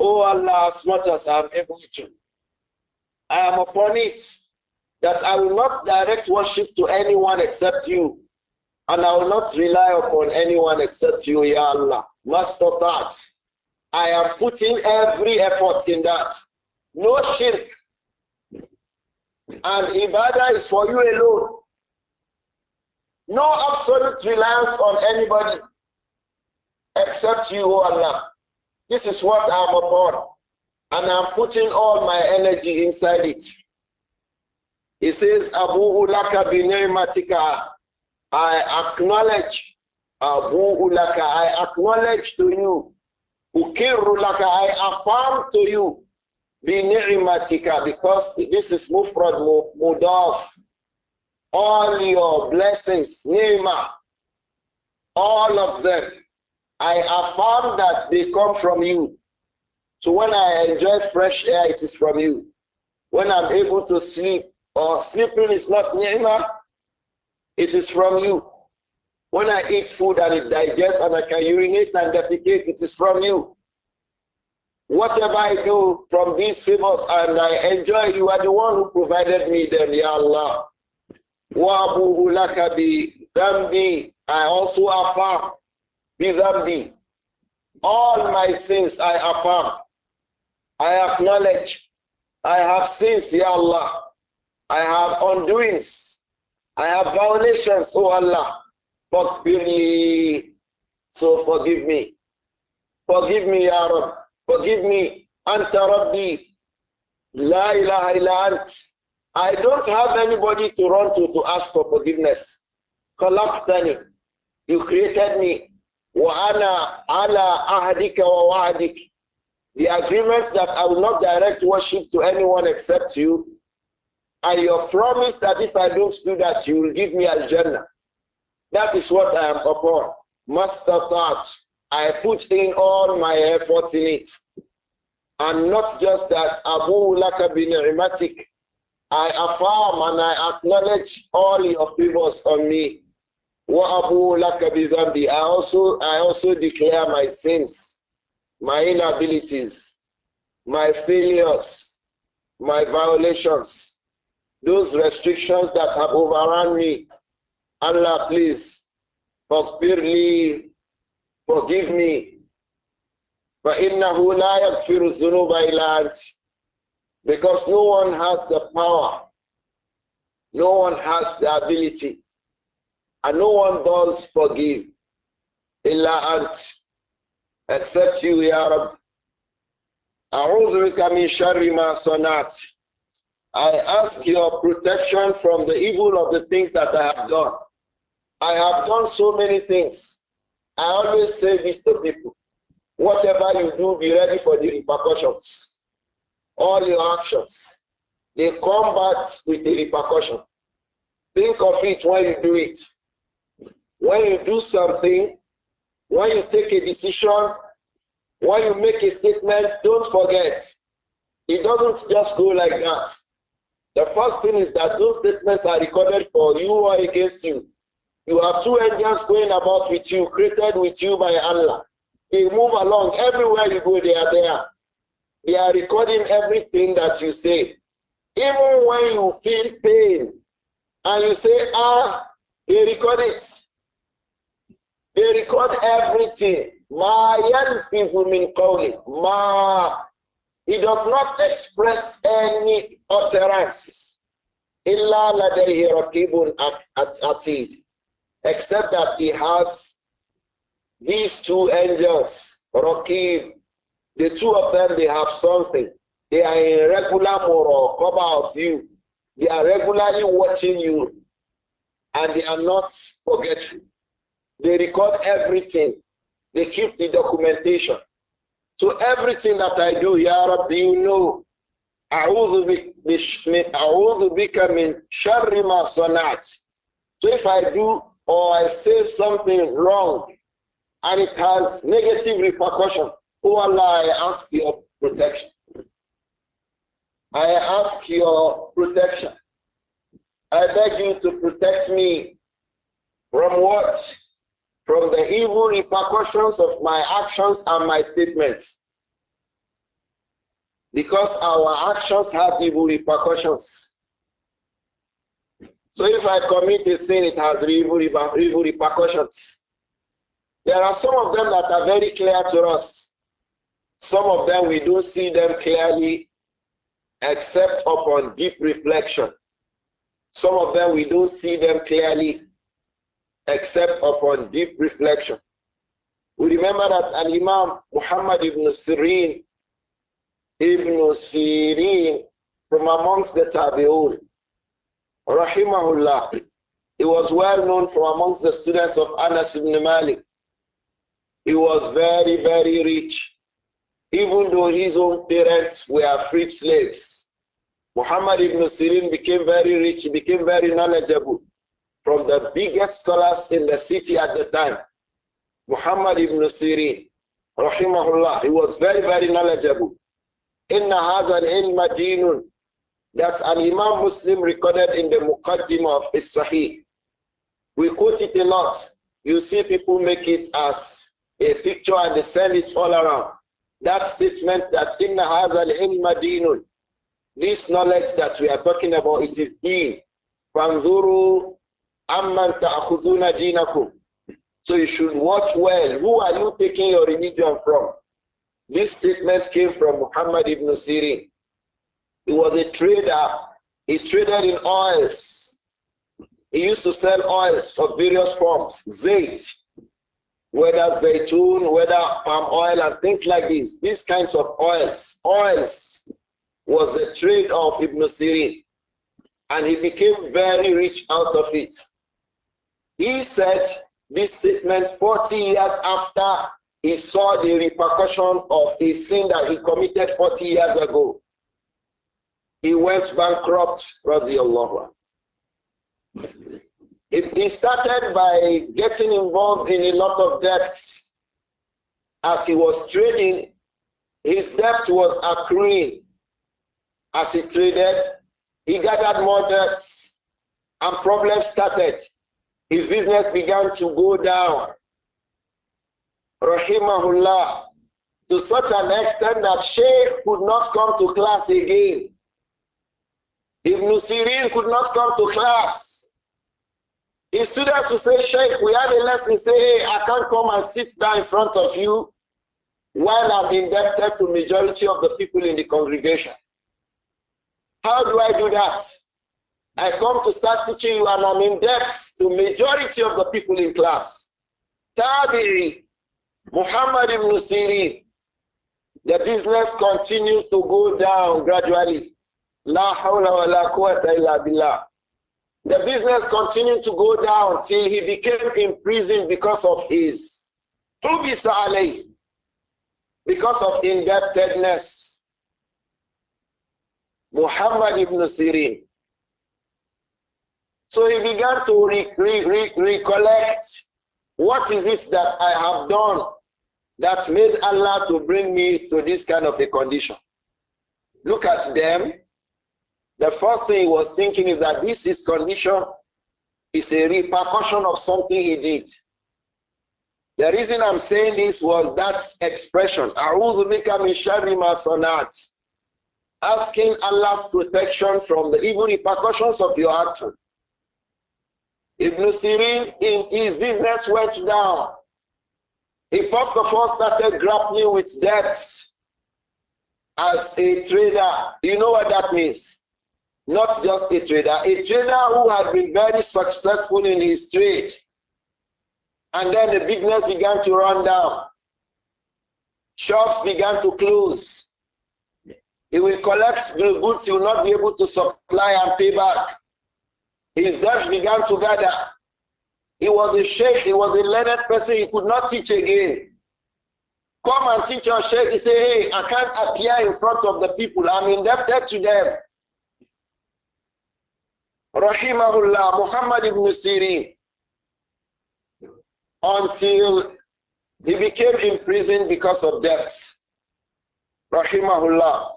Oh Allah, as much as I am able to. I am upon it that I will not direct worship to anyone except you. And I will not rely upon anyone except you, Ya Allah. Master that. I am putting every effort in that. No shirk. And ibadah is for you alone. No absolute reliance on anybody except you, O Allah. This is what I'm upon. And I'm putting all my energy inside it. He says, Abu Ulaka Matika, I acknowledge Abu Ulaka, I acknowledge to you. Ukiru I affirm to you. Bini'matika, because this is Mufrad Mudaf all your blessings, Neymar, all of them. I affirm that they come from you. So when I enjoy fresh air, it is from you. When I'm able to sleep, or sleeping is not Neymar, it is from you. When I eat food and it digests and I can urinate and defecate, it is from you. Whatever I do from these favors and I enjoy, you are the one who provided me them, Ya Allah. وَأَبُوهُ لَكَ بِذَنْبِي I also affirm بِذَنْبِي All my sins I affirm. I acknowledge. I have sins, Ya Allah. I have undoings. I have violations, O Allah. Fakfirli. So forgive me. Forgive me, Ya Forgive me. Anta Rabbi. La ilaha illa ant. I don't have anybody to run to to ask for forgiveness. خلقتني You created me. ala على عهدك ووعدك The agreement that I will not direct worship to anyone except you and your promise that if I don't do that, you will give me Al-Jannah. That is what I am upon. Master thought, I put in all my efforts in it. And not just that, Abu Laka bin Imatik, I affirm and I acknowledge all your favors on me. I also, I also declare my sins, my inabilities, my failures, my violations, those restrictions that have overrun me. Allah, please, forgive me. فإنه لا يغفر الذنوب إلا أنت because no one has the power, no one has the ability, and no one does forgive. Illa ant, except you, Ya Rabbi. I ask your protection from the evil of the things that I have done. I have done so many things. I always say this to people. Whatever you do, be ready for the repercussions all your actions. They come back with a repercussion. Think of it when you do it. When you do something, when you take a decision, when you make a statement, don't forget. It doesn't just go like that. The first thing is that those statements are recorded for you or against you. You have two angels going about with you, created with you by Allah. They move along. Everywhere you go, they are there. They are recording everything that you say. Even when you feel pain and you say, ah, they record it. They record everything. Ma yalfizu min kawli Ma. He does not express any utterance. Illa ladayhi raqibun atid. Except that he has these two angels, Raqib the two of them, they have something. They are in regular moral cover of you. They are regularly watching you and they are not forgetful. They record everything. They keep the documentation. So everything that I do, Ya Rabbi, you know. أعوذ بك من شر ما صنعت. So if I do or I say something wrong and it has negative repercussion, O oh, Allah, I ask your protection. I ask your protection. I beg you to protect me from what? From the evil repercussions of my actions and my statements. Because our actions have evil repercussions. So if I commit a sin, it has evil repercussions. There are some of them that are very clear to us. Some of them, we don't see them clearly except upon deep reflection. Some of them, we don't see them clearly except upon deep reflection. We remember that an Imam Muhammad ibn Sirin, ibn Sirin, from amongst the Tabi'un, Rahimahullah, he was well known from amongst the students of Anas ibn Malik. He was very, very rich even though his own parents were freed slaves. Muhammad ibn Sirin became very rich, he became very knowledgeable from the biggest scholars in the city at the time. Muhammad ibn Sirin, rahimahullah, he was very, very knowledgeable. Inna hadha In Madinun. dinun, that an Imam Muslim recorded in the Muqaddimah of his Sahih. We quote it a lot. You see people make it as a picture and they send it all around. That statement that inna hazal ilma dinun, this knowledge that we are talking about, it is deen. Fanzuru amman ta'khuzuna dinakum. So you should watch well. Who are you taking your religion from? This statement came from Muhammad ibn Sirin. He was a trader. He traded in oils. He used to sell oils of various forms, zayt, whether zaytun, whether palm oil, and things like this. These kinds of oils, oils was the trade of Ibn Sirin, and he became very rich out of it. He said this statement 40 years after he saw the repercussion of a sin that he committed 40 years ago. He went bankrupt, radiallahu he started by getting involved in a lot of debts as he was trading, his debt was accruing. As he traded, he gathered more debts and problems started. His business began to go down. Rahimahullah, to such an extent that Sheikh could not come to class again. Ibn Sirin could not come to class the students will say, Sheikh, we have a lesson. Say, hey, I can't come and sit down in front of you while I'm indebted to majority of the people in the congregation. How do I do that? I come to start teaching you and I'm in debt to majority of the people in class. Tabi'i, Muhammad ibn Sirin. The business continued to go down gradually. La hawla wa la quwwata illa billah. The business continued to go down till he became imprisoned because of his tubisa because of indebtedness. Muhammad ibn Sirin. So he began to re re re recollect what is it that I have done that made Allah to bring me to this kind of a condition. Look at them the first thing he was thinking is that this condition is a repercussion of something he did. The reason I'm saying this was that expression, Asking Allah's protection from the evil repercussions of your action. Ibn Sirin, in his business went down. He first of all started grappling with debts as a trader. You know what that means? Not just a trader, a trader who had been very successful in his trade. And then the business began to run down. Shops began to close. He will collect goods he will not be able to supply and pay back. His debts began to gather. He was a sheikh, he was a learned person, he could not teach again. Come and teach your sheikh. He say, Hey, I can't appear in front of the people. I'm indebted to them. Rahimahullah, Muhammad ibn Sirin, until he became imprisoned because of debts. Rahimahullah.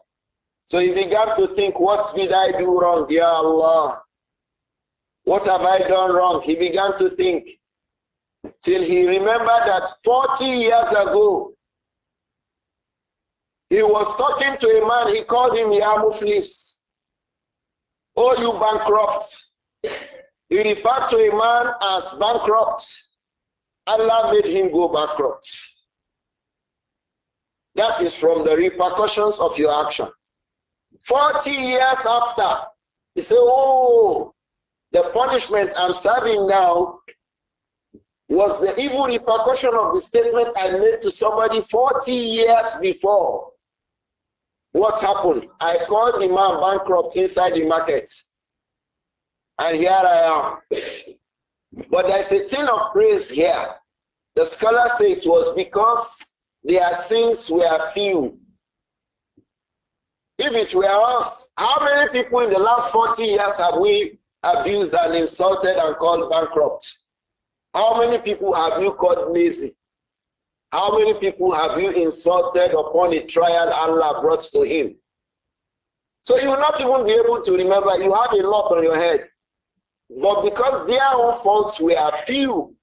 So he began to think, what did I do wrong? Ya Allah. What have I done wrong? He began to think till he remembered that 40 years ago, he was talking to a man, he called him Ya Muflis. Oh, you bankrupt. He referred to a man as bankrupt. Allah made him go bankrupt. That is from the repercussions of your action. 40 years after, he said, Oh, the punishment I'm serving now was the evil repercussion of the statement I made to somebody 40 years before. What happened? I called the man bankrupt inside the market. And here I am. But there's a thing of praise here. The scholars say it was because their sins were few. If it were us, how many people in the last 40 years have we abused and insulted and called bankrupt? How many people have you called lazy? How many people have you insulted upon a trial Allah brought to him? So you will not even be able to remember. You have a lot on your head. But because their own faults were few,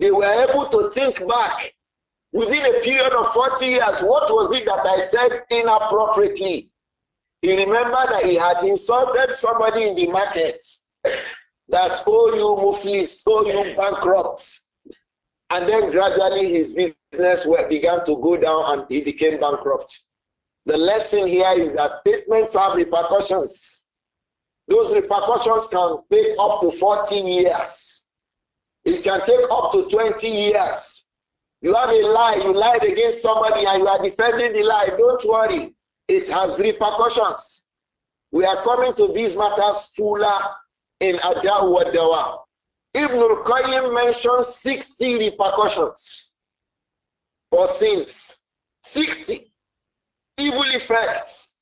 they were able to think back within a period of 40 years. What was it that I said inappropriately? He remembered that he had insulted somebody in the market. That, oh, you muflis, oh, you bankrupt. And then gradually his business began to go down and he became bankrupt. The lesson here is that statements have repercussions. Those repercussions can take up to 14 years. It can take up to 20 years. You have a lie, you lied against somebody and you are defending the lie. Don't worry, it has repercussions. We are coming to these matters fuller in Adawaddawa. Ibn al-Qayyim mentioned 60 repercussions for sins. 60 evil effects.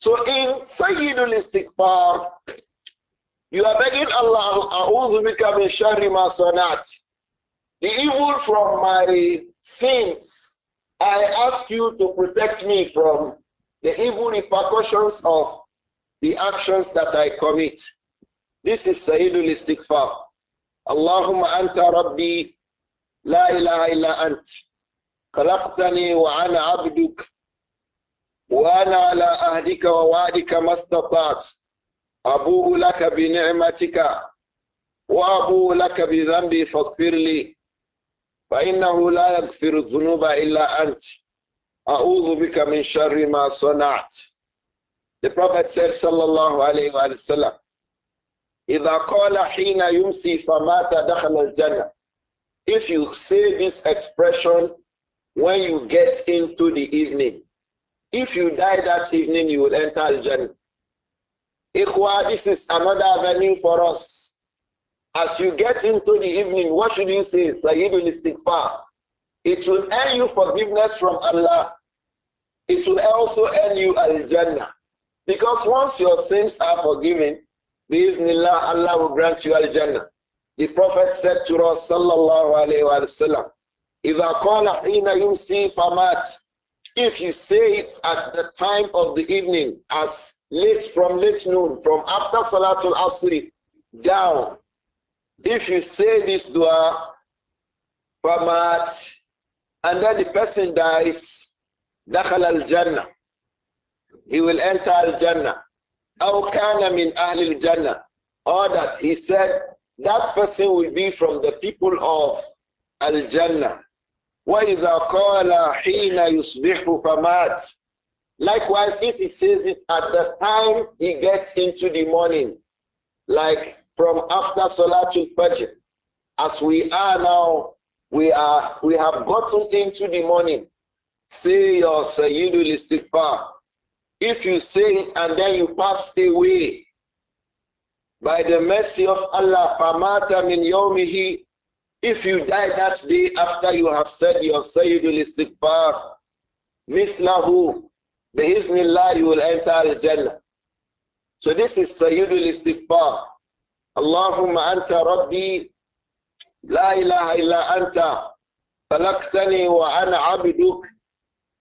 So in Sayyidul Istighfar, you are begging Allah, A'udhu bika min sharri ma sanat. The evil from my sins, I ask you to protect me from the evil repercussions of the actions that I commit. This is Sayyidul Istighfar. اللهم أنت ربي لا إله إلا أنت خلقتني وأنا عبدك وأنا على أهدك ووعدك ما استطعت أبوء لك بنعمتك وأبوء لك بذنبي فاغفر لي فإنه لا يغفر الذنوب إلا أنت أعوذ بك من شر ما صنعت The Prophet said, Sallallahu Alaihi Wasallam, إذا قال حين يمسي فمات دخل الجنة If you say this expression when you get into the evening, if you die that evening, you will enter Jannah. Ikhwa, this is another avenue for us. As you get into the evening, what should you say? Sayyidul Istighfar. It will earn you forgiveness from Allah. It will also earn you Al Jannah. Because once your sins are forgiven, Bismillah, Allah will grant you al-Jannah. The Prophet said to us, sallallahu alayhi wa sallam, إِذَا قَالَ حِينَ يُمْسِي فَمَاتِ If you say it at the time of the evening, as late from late noon, from after Salatul Asri, down. If you say this dua, فَمَاتِ And then the person dies, دَخَلَ الْجَنَّةِ He will enter al-Jannah. أو كان من أهل الجنة or that he said that person will be from the people of Al-Jannah وإذا قال حين يصبح فمات Likewise, if he says it at the time he gets into the morning, like from after Salatul Fajr, as we are now, we are we have gotten into the morning. Say your Sayyidul Istighfar. If you say it and then you pass away, by the mercy of Allah, min yawmihi, if you die that day after you have said your Sayyidul Istighfar, mithlahu, bi'iznillah, you will enter al-Jannah. So this is Sayyidul Istighfar. Allahumma anta rabbi, la ilaha illa anta, falaqtani wa ana abduk,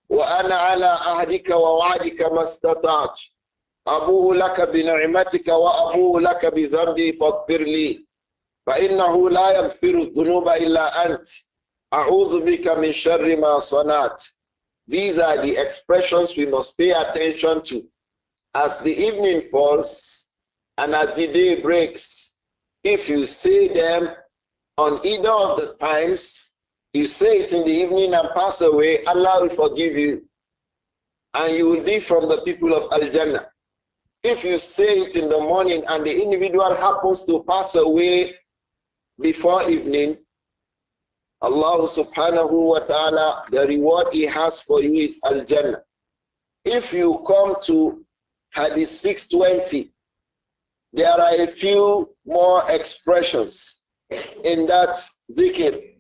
وأنا على عهدك ووعدك ما استطعت أبوء لك بنعمتك وأبوء لك بذنبي فاغفر لي فإنه لا يغفر الذنوب إلا أنت أعوذ بك من شر ما صنعت These are the expressions we must pay attention to. As the evening falls and as the day breaks, if you say them on either of the times, you say it in the evening and pass away, Allah will forgive you. And you will be from the people of Al Jannah. If you say it in the morning and the individual happens to pass away before evening, Allah subhanahu wa ta'ala, the reward He has for you is Al Jannah. If you come to Hadith 620, there are a few more expressions in that dhikr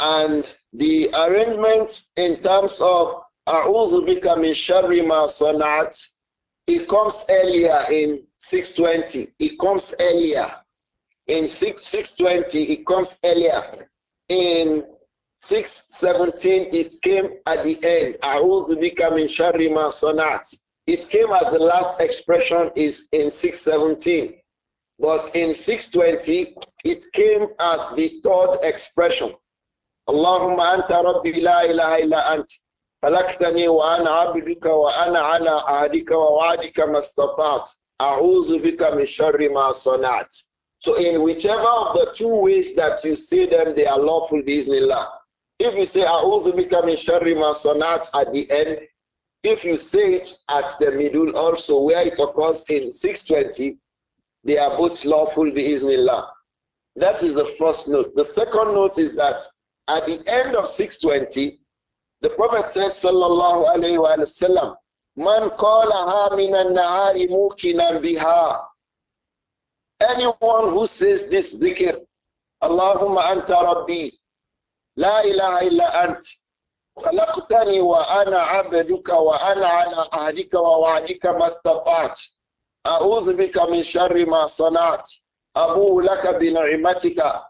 and the arrangements in terms of A'udhu bika min sharri ma it comes earlier in 620. It comes earlier. In 6, 620, it comes earlier. In 617, it came at the end. A'udhu bika min sharri ma It came as the last expression is in 617. But in 620, it came as the third expression. اللهم أنت ربي لا إله إلا أنت خلقتني وأنا عبدك وأنا على عهدك ووعدك ما استطعت أعوذ بك من شر ما صنعت So in whichever of the two ways that you say them, they are lawful bismillah. If you say A'udhu bika min sharri ma at the end, if you say it at the middle also, where it occurs in 620, they are both lawful bismillah. That is the first note. The second note is that at the end of 620, the Prophet says, Sallallahu Alaihi Wasallam, Man qalaha minan nahari mukinan biha. Anyone who says this dhikr, Allahumma anta rabbi, la ilaha illa ant, خلقتني wa ana وأنا wa ana ووعدك ما استطعت أعوذ بك من شر ما صنعت أبو bi بنعمتك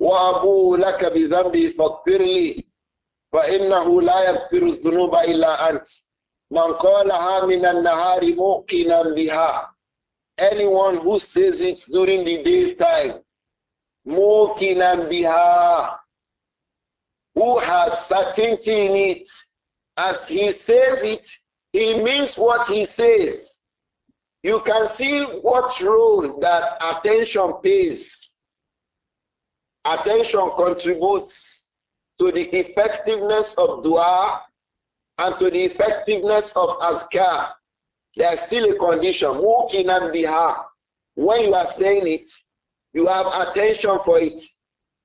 وأبو لك بذنبي فاغفر لي فإنه لا يغفر الذنوب إلا أنت من قالها من النهار موقنا بها anyone who says it during the daytime موقنا بها who has certainty in it as he says it he means what he says you can see what role that attention plays Attention contributes to the effectiveness of dua and to the effectiveness of azkar. There's still a condition. Mukinan biha. When you are saying it, you have attention for it.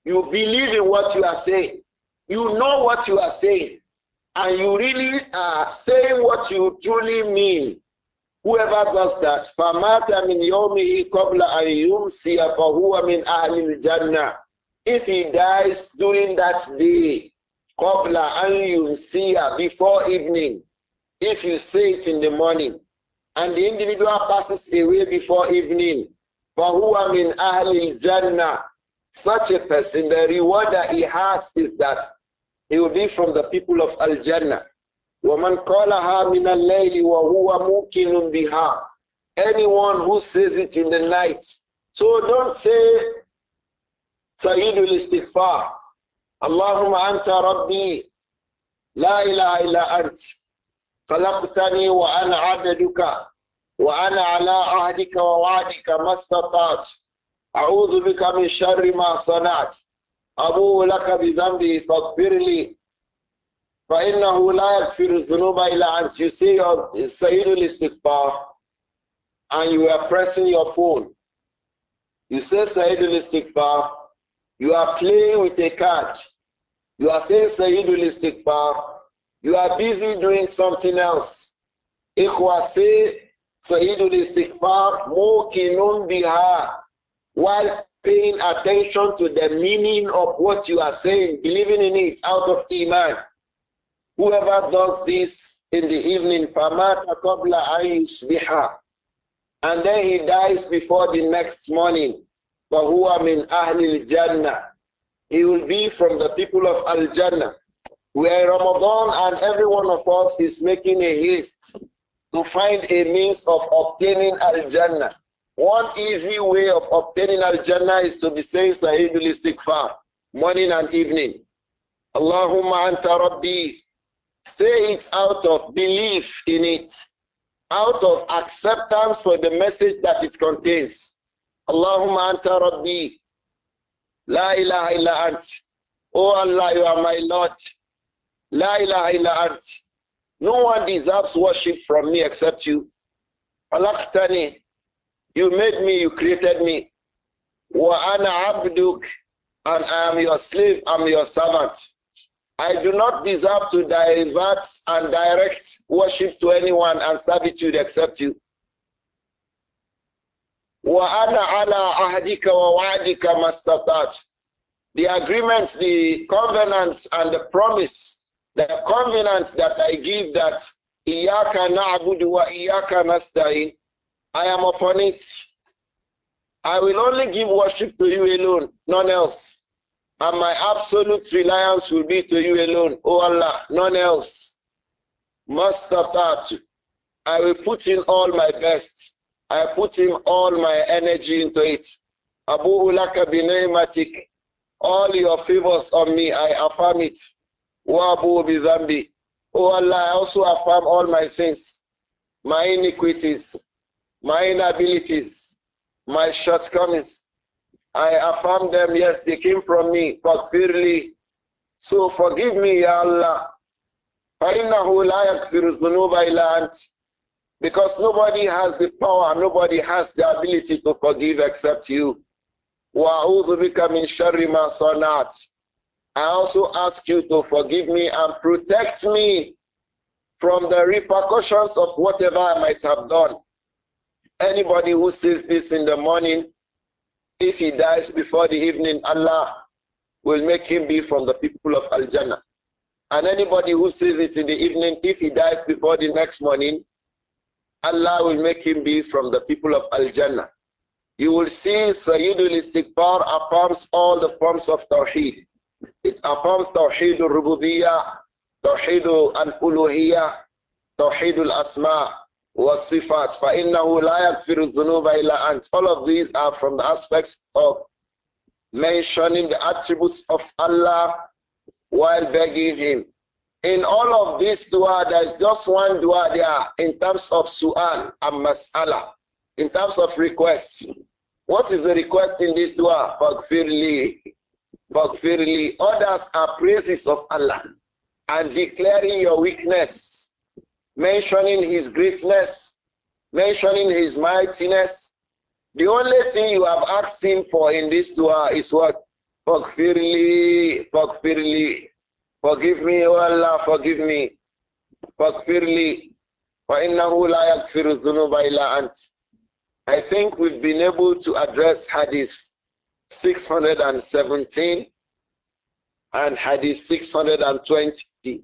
You believe in what you are saying. You know what you are saying. And you really are saying what you truly mean. Whoever does that, فَمَاتَ مِنْ يَوْمِهِ قَبْلَ أَنْ يُمْسِيَ فَهُوَ مِنْ أَهْلِ الْجَنَّةِ if he dies during that day, you an yumsiya, before evening, if you say it in the morning, and the individual passes away before evening, فَهُوَ مِنْ al jannah. Such a person, the reward that he has is that he will be from the people of Al-Jannah. وَمَنْ قَالَهَا مِنَ اللَّيْلِ وَهُوَ مُوكِنٌ بِهَا Anyone who says it in the night. So don't say Sayyidul Istighfar. Allahumma anta rabbi la ilaha illa ant. خلقتني وأنا عبدك وأنا على عهدك ووعدك ما استطعت أعوذ بك من شر ما صنعت أبوء لك بذنبي فاغفر لي فإنه لا يغفر الذنوب إلا أنت you say your سيد الاستغفار and you are pressing your phone you say سيد الاستغفار you are playing with a card. You are saying Sayyidul Istighfar. You are busy doing something else. Ikhwa say Sayyidul Istighfar mukinun biha while paying attention to the meaning of what you are saying, believing in it out of Iman. Whoever does this in the evening, famata qabla and then he dies before the next morning. فَهُوَ مِنْ أَهْلِ الْجَنَّةِ He will be from the people of Al-Jannah. We are in Ramadan and every one of us is making a haste to find a means of obtaining Al-Jannah. One easy way of obtaining Al-Jannah is to be saying Sahidul Istighfar morning and evening. Allahumma anta rabbi. Say it out of belief in it, out of acceptance for the message that it contains. Allahumma anta rabbi. La ilaha illa ant. Oh Allah, you are my Lord. La ilaha illa ant. No one deserves worship from me except you. Alaktani. You made me, you created me. Wa ana abduk. And I am your slave, I'm your servant. I do not deserve to divert and direct worship to anyone and servitude except you. وَأَنَا عَلَىٰ عَهْدِكَ وَوَعْدِكَ مَا اسْتَطَعْتُ The agreements, the covenants, and the promise, the covenants that I give that إِيَّاكَ نَعْبُدُ وَإِيَّاكَ نَسْتَعِينُ I am upon it. I will only give worship to you alone, none else. And my absolute reliance will be to you alone, O Allah, none else. Master I will put in all my best. I put in all my energy into it. Abu Ulaka binaimatik. All your favors on me, I affirm it. Wa Abu bizambi. Oh Allah, I also affirm all my sins, my iniquities, my inabilities, my shortcomings. I affirm them, yes, they came from me, but purely. So forgive me, Ya Allah. Because nobody has the power, nobody has the ability to forgive except you. I also ask you to forgive me and protect me from the repercussions of whatever I might have done. Anybody who sees this in the morning, if he dies before the evening, Allah will make him be from the people of Al Jannah. And anybody who sees it in the evening, if he dies before the next morning, Allah will make him be from the people of Al Jannah. You will see Sayyidul Istighfar affirms all the forms of Tawheed. It affirms Tawheed Rububiya, Rububiyyah, Tawheed al Uluhiyyah, Tawheed Asma, was Sifat. فَإِنَّهُ لَا يَغْفِرُ الذُّنُوبَ إِلَّا أَنْتَ All of these are from the aspects of mentioning the attributes of Allah while begging Him. In all of this dua, there's just one dua there in terms of su'al and mas'ala, in terms of requests. What is the request in this dua? Bagfirli. Bagfirli. Others are praises of Allah and declaring your weakness, mentioning his greatness, mentioning his mightiness. The only thing you have asked him for in this dua is what? Bagfirli, Bagfirli. Forgive me, O Allah, forgive me. فاغفر لي فإنه La يغفر الذنوب إلا Ant. I think we've been able to address Hadith 617 and Hadith 620.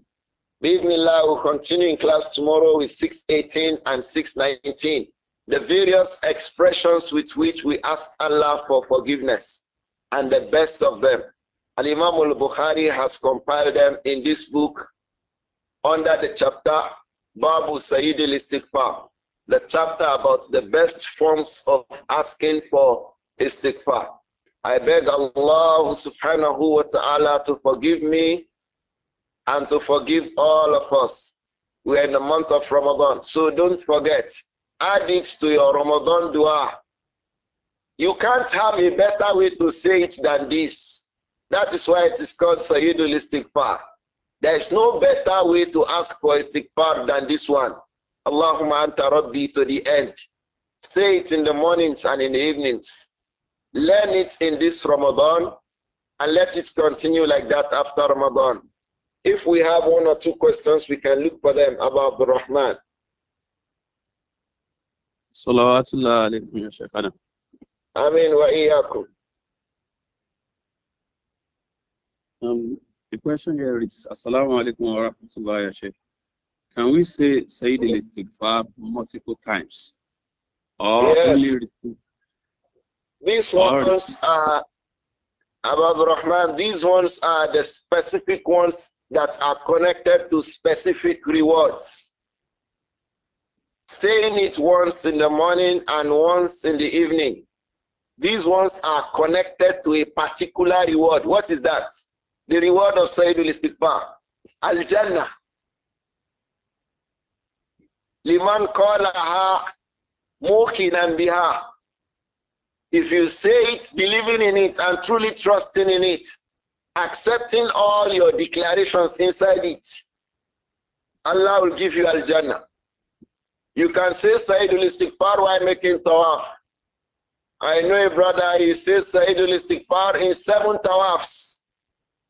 Bismillah, we'll continue in class tomorrow with 618 and 619. The various expressions with which we ask Allah for forgiveness and the best of them. And Imam al Bukhari has compiled them in this book under the chapter Babu Sayyid al Istighfar, the chapter about the best forms of asking for istighfar. I beg Allah subhanahu wa ta'ala to forgive me and to forgive all of us. We are in the month of Ramadan, so don't forget, add it to your Ramadan dua. You can't have a better way to say it than this. That is why it is called Sayyidul Istighfar. There is no better way to ask for istighfar than this one. Allahumma anta rabbi to the end. Say it in the mornings and in the evenings. Learn it in this Ramadan and let it continue like that after Ramadan. If we have one or two questions, we can look for them about the Rahman. صلوات الله عليكم يا شيخنا آمين وإياكم Um, the question here is Assalamu alaikum wa rahmatullahi Can we say Sayyid al Istighfar multiple times? Or yes. only These or ones are, Abab Rahman, these ones are the specific ones that are connected to specific rewards. Saying it once in the morning and once in the evening. These ones are connected to a particular reward. What is that? The reward of Sayyidul Istighfar. Al Jannah. Liman qalaha mukinan biha. If you say it, believing in it, and truly trusting in it, accepting all your declarations inside it, Allah will give you Al Jannah. You can say Sayyidul Istighfar while making tawaf. I know a brother, he says Sayyidul Istighfar in seven tawafs.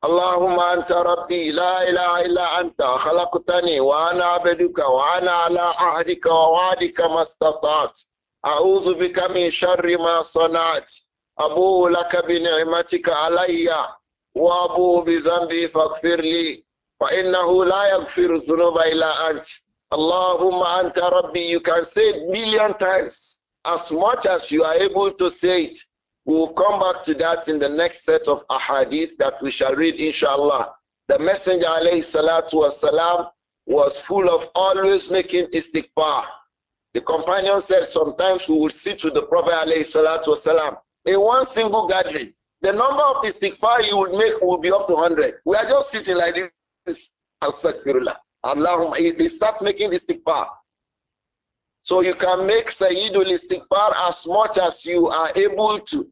اللهم أنت ربي لا إله إلا أنت خلقتني وأنا عبدك وأنا على عهدك ووعدك ما استطعت أعوذ بك من شر ما صنعت أبوء لك بنعمتك علي وأبوء بذنبي فاغفر لي فإنه لا يغفر الذنوب إلا أنت اللهم أنت ربي you can say it million times as much as you are able to say it We'll come back to that in the next set of ahadith that we shall read, inshallah. The Messenger alayhi salatu wasalam, was full of always making istighfar. The companion said sometimes we would sit with the Prophet alayhi salatu wasalam in one single gathering. The number of istighfar you would make will be up to 100. We are just sitting like this. Astaghfirullah. Allahumma. They start making istighfar. So you can make Sayyidul Istighfar as much as you are able to.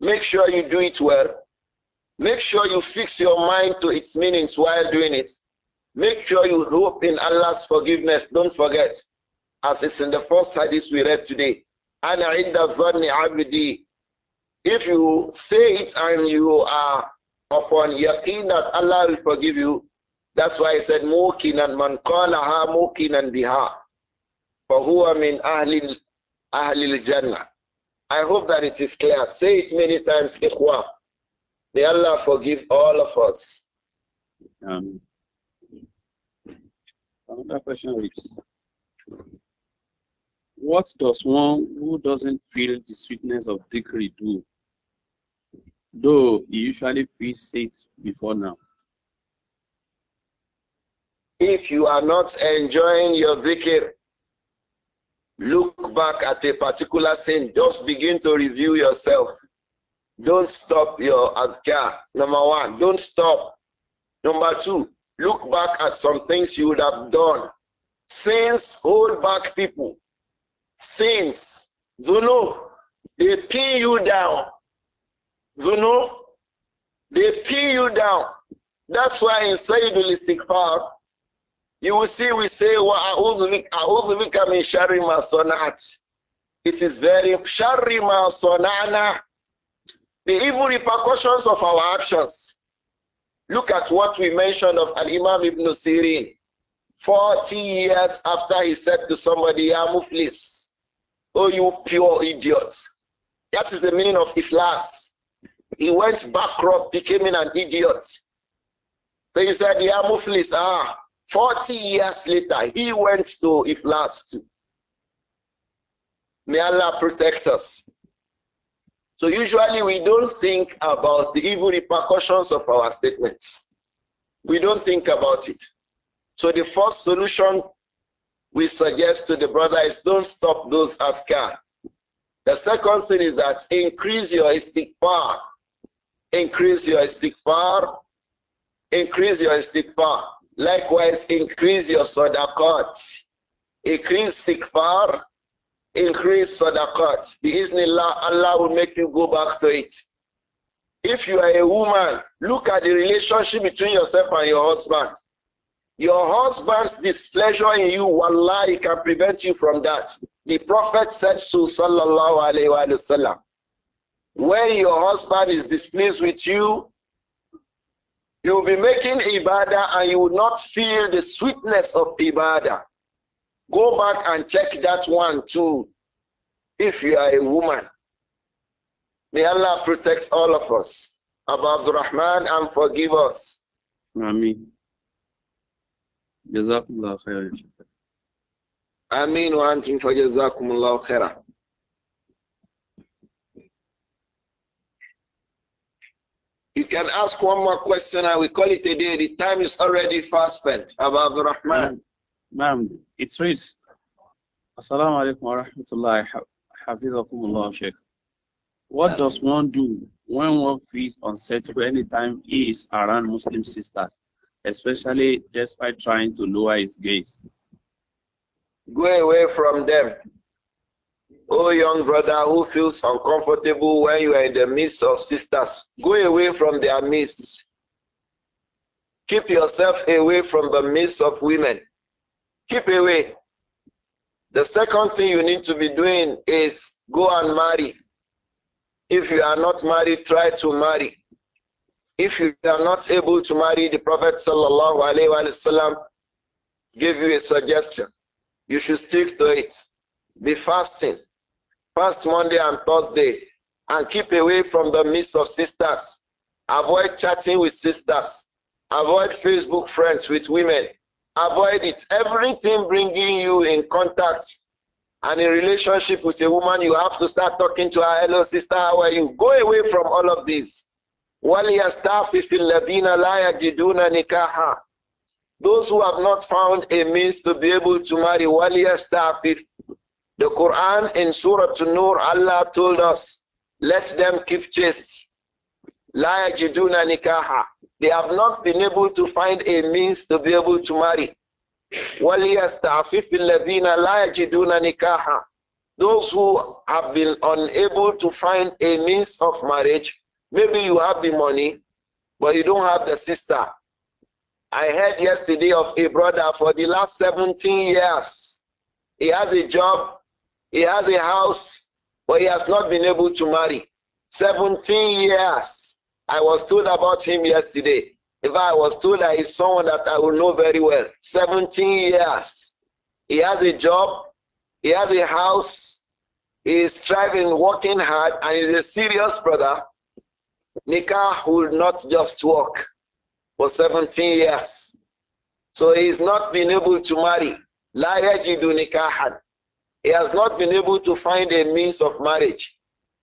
Make sure you do it well. Make sure you fix your mind to its meanings while doing it. Make sure you hope in Allah's forgiveness. Don't forget, as it's in the first hadith we read today. If you say it and you are upon yaqeen that Allah will forgive you, that's why I said mukinan man mukin mukinan biha. who من أهل ahlil jannah I hope that it is clear. Say it many times, Ikhwa. May Allah forgive all of us. Um, another question is What does one who doesn't feel the sweetness of dhikri do? Though he usually feels it before now. If you are not enjoying your dhikr, Look back at a particular sin. Just begin to review yourself. Don't stop your adhkar. Number one, don't stop. Number two, look back at some things you would have done. Sins hold back people. Sins, know, they pin you down. know, they pin you down. That's why in Sayyidul Istighfar, you will see we say, Wa'udhubika min sharri sharima sana'at. It is very, sharima sonana. The evil repercussions of our actions. Look at what we mentioned of Al-Imam Ibn Sirin. 40 years after he said to somebody, Ya Muflis, oh you pure idiot. That is the meaning of Iflas. He went bankrupt, became an idiot. So he said, Ya Muflis, ah, 40 years later, he went to Iflas too. May Allah protect us. So usually we don't think about the evil repercussions of our statements. We don't think about it. So the first solution we suggest to the brother is don't stop those afkar. The second thing is that increase your istighfar. Increase your istighfar. Increase your istighfar. Likewise, increase your sadaqat. Increase istighfar. Increase sadaqat. Biiznillah, Allah will make you go back to it. If you are a woman, look at the relationship between yourself and your husband. Your husband's displeasure in you, wallah, it can prevent you from that. The Prophet said so, sallallahu alayhi wa, When your husband is displeased with you, you will be making ibadah and you will not feel the sweetness of ibadah. Go back and check that one too. If you are a woman, may Allah protect all of us. Abba Rahman, and forgive us. Ameen. Jazakumullah khairan. خيرا wa وانتم فجزاكم الله can ask one more question and we call it a day. The time is already fast spent. Abu Rahman. Ma'am, it reads Assalamu alaikum wa rahmatullahi Sheikh. What does one do when one feels unsettled anytime he is around Muslim sisters, especially despite trying to lower his gaze? Go away from them. Oh, young brother who feels uncomfortable when you are in the midst of sisters, go away from their midst. Keep yourself away from the midst of women. Keep away. The second thing you need to be doing is go and marry. If you are not married, try to marry. If you are not able to marry, the Prophet wasallam gave you a suggestion. You should stick to it. Be fasting Fast Monday and Thursday and keep away from the midst of sisters. Avoid chatting with sisters. Avoid Facebook friends with women. Avoid it. Everything bringing you in contact and in relationship with a woman, you have to start talking to her. Hello, sister, how are you? Go away from all of this. Those who have not found a means to be able to marry, the Quran in Surah An-Nur, Allah told us, let them keep chaste. nikaha. They have not been able to find a means to be able to marry. وَلْيَسْتَعْفِفِ Those who have been unable to find a means of marriage, maybe you have the money, but you don't have the sister. I heard yesterday of a brother for the last 17 years. He has a job he has a house, but he has not been able to marry. 17 years. I was told about him yesterday. If I was told that he's someone that I will know very well. 17 years. He has a job, he has a house, he is striving, working hard, and he's a serious brother. Nikah will not just work for 17 years. So he's not been able to marry. La yajidu nikahan. He has not been able to find a means of marriage.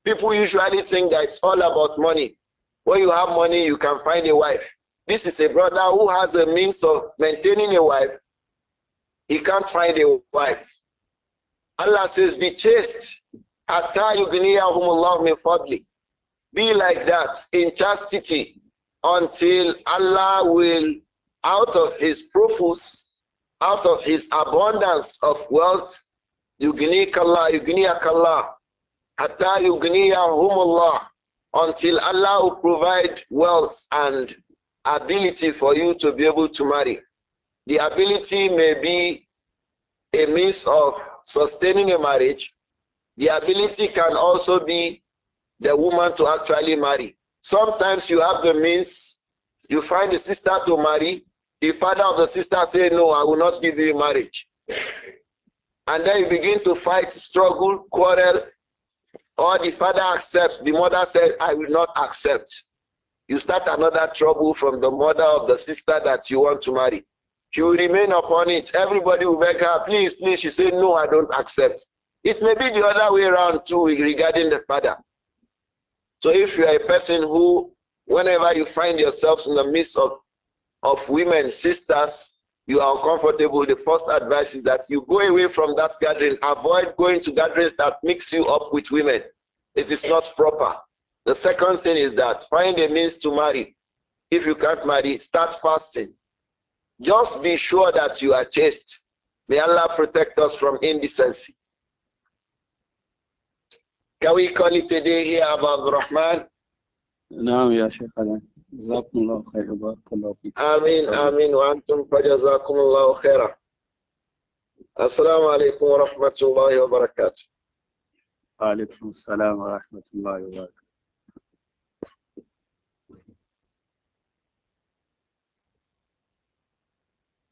People usually think that it's all about money. When you have money, you can find a wife. This is a brother who has a means of maintaining a wife. He can't find a wife. Allah says, Be chaste. Be like that in chastity until Allah will, out of His profuse, out of His abundance of wealth, يغنيك الله يغنيك الله حتى يغنيهم الله until Allah will provide wealth and ability for you to be able to marry. The ability may be a means of sustaining a marriage. The ability can also be the woman to actually marry. Sometimes you have the means, you find a sister to marry, the father of the sister say, no, I will not give you marriage. And then you begin to fight, struggle, quarrel, or the father accepts, the mother says, I will not accept. You start another trouble from the mother of the sister that you want to marry. She will remain upon it. Everybody will beg her, please, please. She said, No, I don't accept. It may be the other way around too regarding the father. So if you are a person who, whenever you find yourselves in the midst of, of women, sisters, you are uncomfortable, the first advice is that you go away from that gathering. Avoid going to gatherings that mix you up with women. It is not proper. The second thing is that find a means to marry. If you can't marry, start fasting. Just be sure that you are chaste. May Allah protect us from indecency. Can we call it today here, Abu Rahman? No, Ya Sheikh جزاكم الله خير بارك الله فيك آمين آمين وأنتم فجزاكم الله خيرا السلام عليكم ورحمة الله وبركاته وعليكم السلام ورحمة الله وبركاته